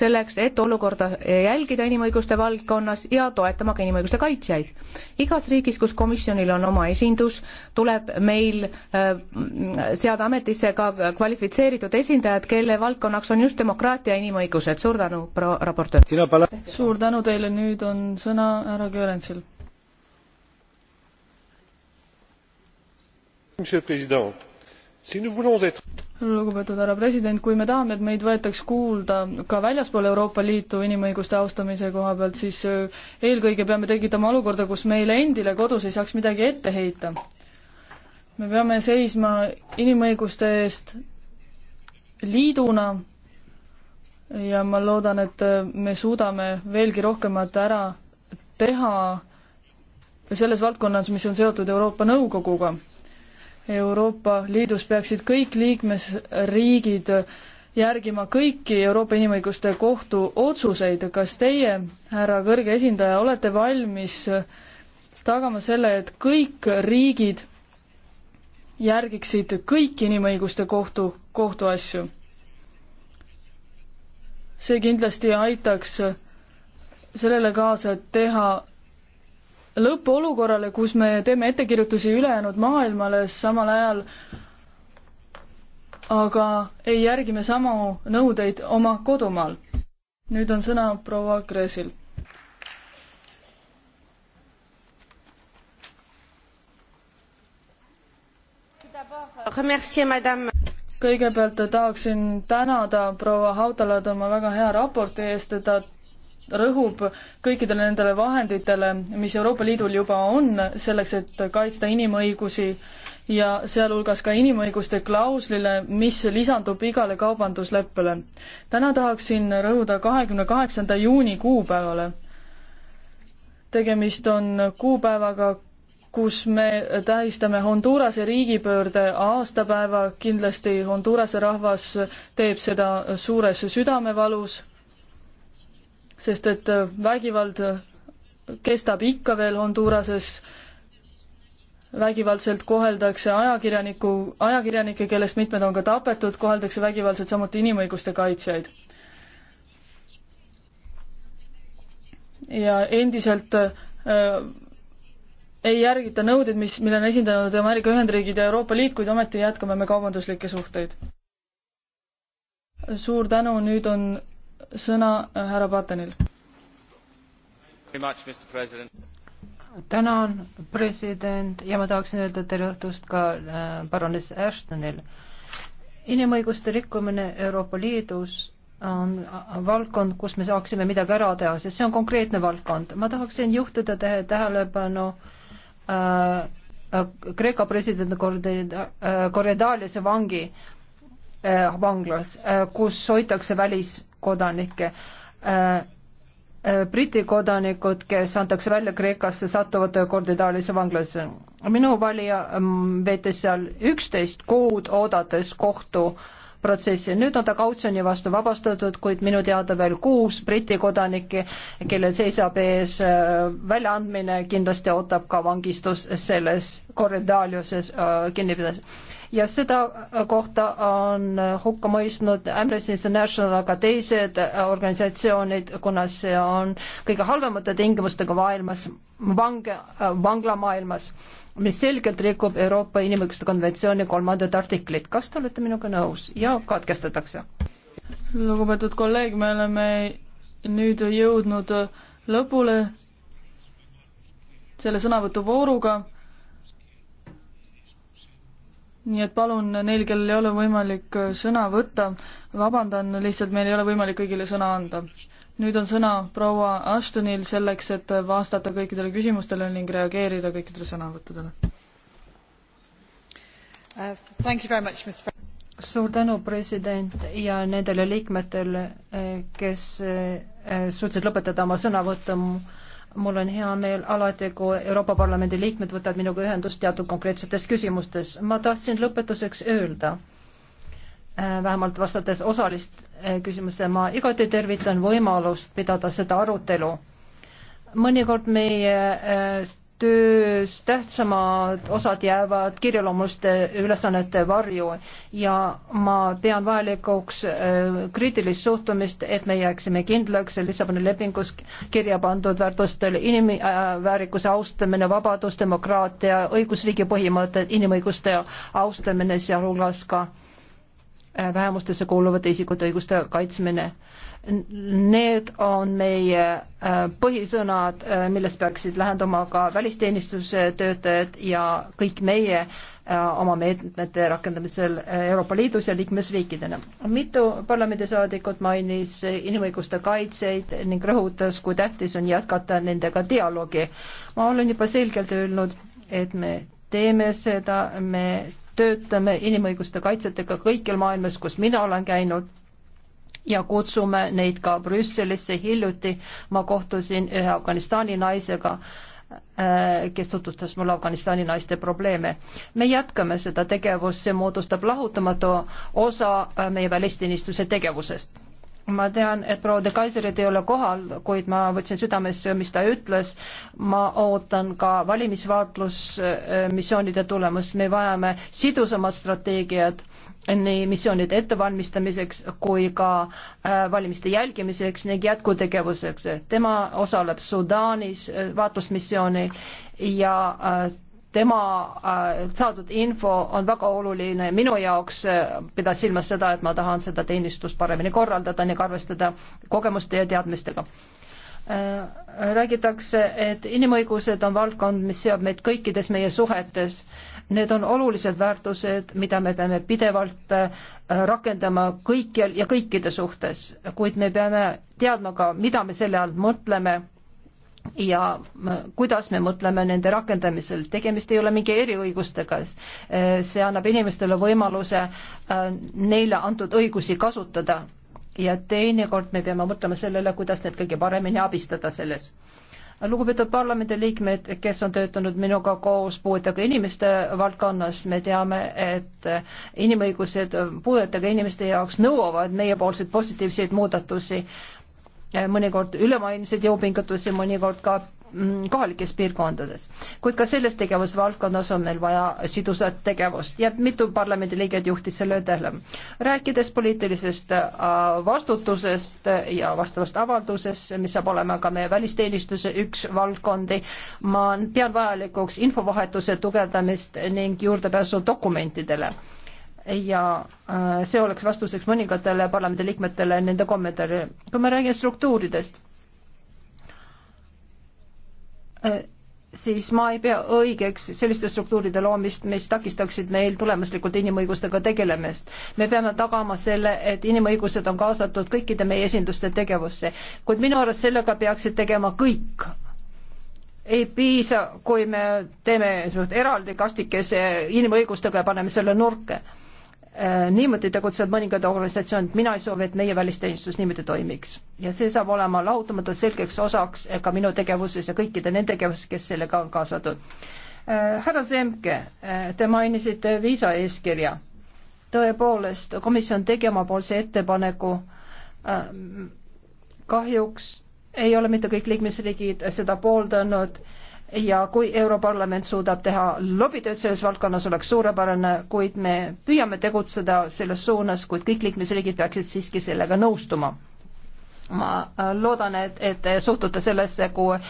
selleks, et olukorda jälgida inimõiguste valdkonnas ja toetama ka inimõiguste kaitsjaid. igas riigis, kus komisjonil on oma esindus, tuleb meil äh, seada ametisse ka kvalifitseeritud esindajad, kelle valdkonnaks on just demokraatia ja inimõigused. suur tänu, proua raportöör! suur tänu teile, nüüd on sõna härra Köörentsil lugupeetud härra president kui me tahame et meid võetaks kuulda ka väljaspool euroopa liitu inimõiguste austamise koha pealt siis äh, eelkõige peame tekitama olukorda kus meile endile kodus ei saaks midagi ette heita me peame seisma inimõiguste eest liiduna ja ma loodan et äh, me suudame veelgi rohkemat ära teha selles valdkonnas mis on seotud euroopa nõukoguga Euroopa Liidus peaksid kõik liikmesriigid järgima kõiki Euroopa Inimõiguste Kohtu otsuseid. kas teie, härra kõrge esindaja, olete valmis tagama selle, et kõik riigid järgiksid kõiki Inimõiguste Kohtu kohtuasju? see kindlasti aitaks sellele kaasa, et teha lõppolukorrale, kus me teeme ettekirjutusi ülejäänud maailmale, samal ajal aga ei järgi me samu nõudeid oma kodumaal. nüüd on sõna proua Kreesil. kõigepealt tahaksin tänada proua Hautalat oma väga hea raporti eest, et ta rõhub kõikidele nendele vahenditele, mis Euroopa Liidul juba on, selleks et kaitsta inimõigusi ja sealhulgas ka inimõiguste klauslile, mis lisandub igale kaubandusleppele. täna tahaksin rõhuda kahekümne kaheksanda juuni kuupäevale. tegemist on kuupäevaga, kus me tähistame Hondurase riigipöörde aastapäeva, kindlasti Hondurase rahvas teeb seda suures südamevalus sest et äh, vägivald äh, kestab ikka veel Honduras'es, vägivaldselt koheldakse ajakirjaniku, ajakirjanikke, kellest mitmed on ka tapetud, koheldakse vägivaldselt samuti inimõiguste kaitsjaid. ja endiselt äh, äh ei järgita nõudeid, mis, mille on esindanud Ameerika Ühendriigid ja Euroopa Liit, kuid ometi jätkame me kaubanduslikke suhteid. suur tänu, nüüd on sõna äh, härra Patenil. tänan, president, ja ma tahaksin öelda tere õhtust ka äh, baroness Ashtonil. inimõiguste rikkumine Euroopa Liidus on valdkond, kus me saaksime midagi ära teha, sest see on konkreetne valdkond. ma tahaksin juhtida tähe, tähelepanu äh, äh Kreeka presidendi Korredalise vangi äh, Äh, vanglas, äh, kus hoitakse väliskodanikke. Äh, Briti kodanikud, kes antakse välja Kreekasse, satuvad kord Itaaliasse vanglasse. minu valija mm, veetis seal üksteist kuud oodates kohtu protsessi. nüüd on ta kautsjoni vastu vabastatud, kuid minu teada veel kuus Briti kodanikki, kellel seisab ees väljaandmine, kindlasti ootab ka vangistus selles korridaaluses kinni pidades ja seda kohta on hukka mõistnud Amnesty International, aga teised organisatsioonid, kuna see on kõige halvemate tingimustega maailmas, vange, vanglamaailmas, mis selgelt rikub Euroopa Inimõiguste konventsiooni kolmandat artiklit. kas te olete minuga nõus? ja katkestatakse. lugupeetud kolleeg, me oleme nüüd jõudnud lõpule selle sõnavõtuvooruga nii et palun neil, kellel ei ole võimalik äh, sõna võtta, vabandan, lihtsalt meil ei ole võimalik kõigile sõna anda. nüüd on sõna proua Ashtonil selleks, et äh, vastata kõikidele küsimustele ning reageerida kõikidele sõnavõttudele uh,. suur tänu, president, ja nendele liikmetele, äh, kes suutsid lõpetada oma sõnavõttu mul on hea meel alati, kui Euroopa Parlamendi liikmed võtavad minuga ühendust teatud konkreetsetes küsimustes. ma tahtsin lõpetuseks öelda, äh, vähemalt vastates osalist äh, küsimustele, ma igati tervitan võimalust pidada seda arutelu. mõnikord meie äh, töös tähtsamad osad jäävad kirjaloomuliste ülesannete varju ja ma pean vajalikuks äh, kriitilist suhtumist, et me jääksime kindlaks Lissaboni lepingus kirja pandud väärtustel inimväärikuse äh, austamine, vabadus, demokraatia, õigusriigi põhimõtted, inimõiguste austamine, sealhulgas ka äh, vähemustesse kuuluvate isikute õiguste kaitsmine. Need on meie äh, põhisõnad, äh, millest peaksid lähenduma ka välisteenistuse töötajad ja kõik meie äh, oma meetmete rakendamisel Euroopa Liidus ja liikmesriikidena. mitu parlamendisaadikut mainis inimõiguste kaitseid ning rõhutas, kui tähtis on jätkata nendega dialoogi. ma olen juba selgelt öelnud, et me teeme seda, me töötame inimõiguste kaitsjatega kõikjal maailmas, kus mina olen käinud ja kutsume neid ka Brüsselisse. hiljuti ma kohtusin ühe Afganistani naisega, äh, kes tutvustas mulle Afganistani naiste probleeme. me jätkame seda tegevust, see moodustab lahutamatu osa äh, meie välisteenistuse tegevusest ma tean, et proua de Kaiserit ei ole kohal, kuid ma võtsin südamesse, mis ta ütles. ma ootan ka valimisvaatlusmissioonide tulemust, me vajame sidusamat strateegiat nii missioonide ettevalmistamiseks kui ka äh, valimiste jälgimiseks ning jätkutegevuseks. tema osaleb Sudaanis äh, vaatlusmissioonil ja äh, tema äh, saadud info on väga oluline minu jaoks, äh, pidas silmas seda, et ma tahan seda teenistust paremini korraldada ning arvestada kogemuste ja teadmistega. Äh, räägitakse, et inimõigused on valdkond, mis seab meid kõikides meie suhetes. Need on olulised väärtused, mida me peame pidevalt rakendama kõikjal ja kõikide suhtes, kuid me peame teadma ka, mida me selle all mõtleme ja äh, kuidas me mõtleme nende rakendamisel, tegemist ei ole mingi eriõigustega, äh, see annab inimestele võimaluse äh, neile antud õigusi kasutada ja teinekord me peame mõtlema sellele, kuidas neid kõige paremini abistada selles. lugupeetud parlamendiliikmed, kes on töötanud minuga koos puuetega inimeste valdkonnas, me teame, et inimõigused puuetega inimeste jaoks nõuavad meiepoolseid positiivseid muudatusi Äh, mõnikord ülemaailmseid jõupingutusi, mõnikord ka mm, kohalikes piirkondades. kuid ka selles tegevusvaldkonnas on meil vaja sidusat tegevust ja mitu parlamendiliiget juhtis selle tähelepanu. rääkides poliitilisest äh, vastutusest ja vastavast avaldusest, mis saab olema ka meie välisteenistuse üks valdkondi, ma pean vajalikuks infovahetuse tugevdamist ning juurdepääsu dokumentidele ja äh, see oleks vastuseks mõningatele parlamendiliikmetele nende kommentaarile. kui me räägime struktuuridest, äh, siis ma ei pea õigeks selliste struktuuride loomist, mis takistaksid meil tulemuslikult inimõigustega tegelemist. me peame tagama selle, et inimõigused on kaasatud kõikide meie esinduste tegevusse, kuid minu arust sellega peaksid tegema kõik ei piisa, kui me teeme eraldi kastikese inimõigustega ja paneme selle nurka Äh, niimoodi tegutsevad mõningad organisatsioonid, mina ei soovi, et meie välisteenistus niimoodi toimiks. ja see saab olema lahutamatult selgeks osaks ka minu tegevuses ja kõikide nende tegevuses, kes sellega on kaasatud. Äh, härra Semke, äh, te mainisite viisa eeskirja. tõepoolest, komisjon tegi omapoolse ettepaneku, kahjuks ei ole mitte kõik liikmesriigid seda pooldanud ja kui Europarlament suudab teha lobitööd selles valdkonnas, oleks suurepärane, kuid me püüame tegutseda selles suunas, kuid kõik liikmesriigid peaksid siiski sellega nõustuma ma äh, loodan, et, et te suhtute sellesse kui äh,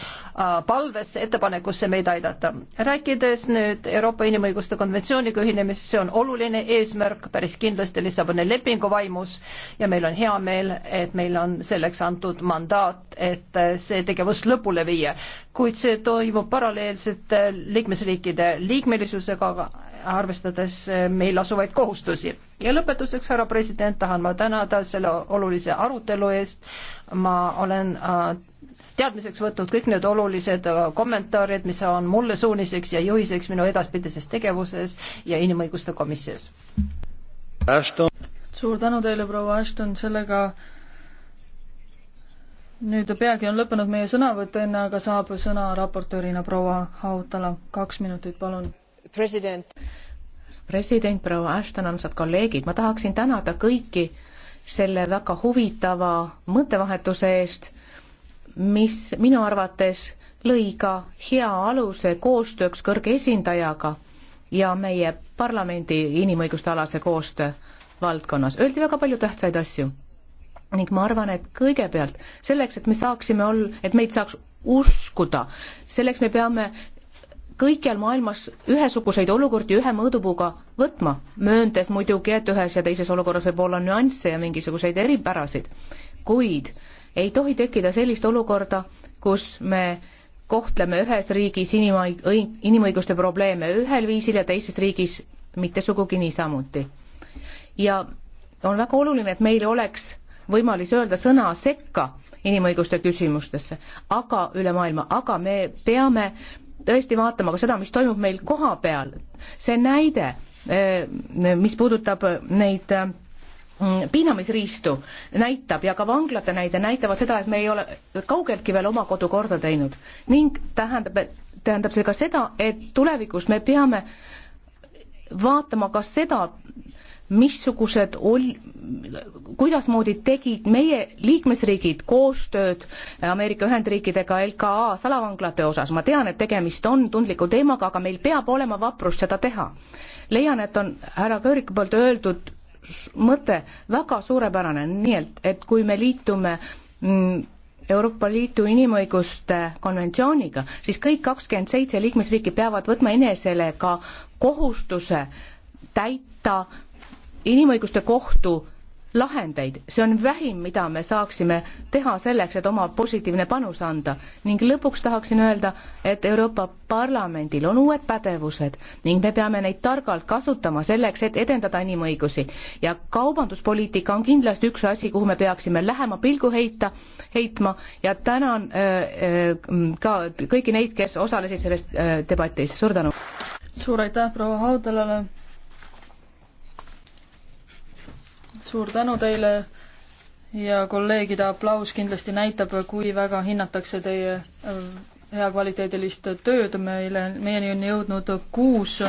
palvesse, ettepanekusse meid aidata. rääkides nüüd Euroopa Inimõiguste Konventsiooniga ühinemist, see on oluline eesmärk, päris kindlasti Lissaboni lepingu vaimus ja meil on hea meel, et meil on selleks antud mandaat, et äh, see tegevus lõpule viia. kuid see toimub paralleelselt liikmesriikide liikmelisusega, arvestades eh, meil asuvaid kohustusi. ja lõpetuseks, härra president, tahan ma tänada selle olulise arutelu eest, ma olen äh, teadmiseks võtnud kõik need olulised äh, kommentaarid, mis on mulle suuniseks ja juhiseks minu edaspidises tegevuses ja inimõiguste komisjonis. suur tänu teile, proua Ashton, sellega nüüd peagi on lõppenud meie sõnavõtt, enne aga saab sõna raportöörina proua Hautala, kaks minutit, palun president. president proua Ashton, armsad kolleegid, ma tahaksin tänada kõiki selle väga huvitava mõttevahetuse eest, mis minu arvates lõi ka hea aluse koostööks kõrge esindajaga ja meie parlamendi inimõiguste alase koostöö valdkonnas. Öeldi väga palju tähtsaid asju ning ma arvan, et kõigepealt selleks, et me saaksime olla, et meid saaks uskuda, selleks me peame kõikjal maailmas ühesuguseid olukordi ühe mõõdupuuga võtma, mööndes muidugi, et ühes ja teises olukorras võib olla nüansse ja mingisuguseid eripärasid, kuid ei tohi tekkida sellist olukorda, kus me kohtleme ühes riigis inimõig-, inimõiguste probleeme ühel viisil ja teises riigis mitte sugugi niisamuti. ja on väga oluline, et meil oleks võimalus öelda sõna sekka inimõiguste küsimustesse, aga üle maailma, aga me peame tõesti vaatama ka seda, mis toimub meil kohapeal. see näide, eh, mis puudutab neid eh, mm, piinamisriistu, näitab ja ka vanglate näide näitavad seda, et me ei ole kaugeltki veel oma kodu korda teinud ning tähendab, et tähendab see ka seda, et tulevikus me peame vaatama ka seda, missugused ol-, kuidasmoodi tegid meie liikmesriigid koostööd Ameerika Ühendriikidega LKA salavanglate osas, ma tean, et tegemist on tundliku teemaga, aga meil peab olema vaprus seda teha. leian, et on härra Kööriku poolt öeldud mõte väga suurepärane, nii et, et kui me liitume mm, Euroopa Liidu inimõiguste konventsiooniga, siis kõik kakskümmend seitse liikmesriiki peavad võtma enesele ka kohustuse täita inimõiguste kohtu lahendeid, see on vähim, mida me saaksime teha selleks, et oma positiivne panus anda ning lõpuks tahaksin öelda, et Euroopa Parlamendil on uued pädevused ning me peame neid targalt kasutama selleks, et edendada inimõigusi ja kaubanduspoliitika on kindlasti üks asi, kuhu me peaksime lähema pilgu heita, heitma ja tänan äh, äh ka kõiki neid, kes osalesid selles äh, debatis, suur tänu! suur aitäh proua Haudalale! suur tänu teile ja kolleegide aplaus kindlasti näitab, kui väga hinnatakse teie äh, heakvaliteedilist tööd, meile, meieni on jõudnud kuus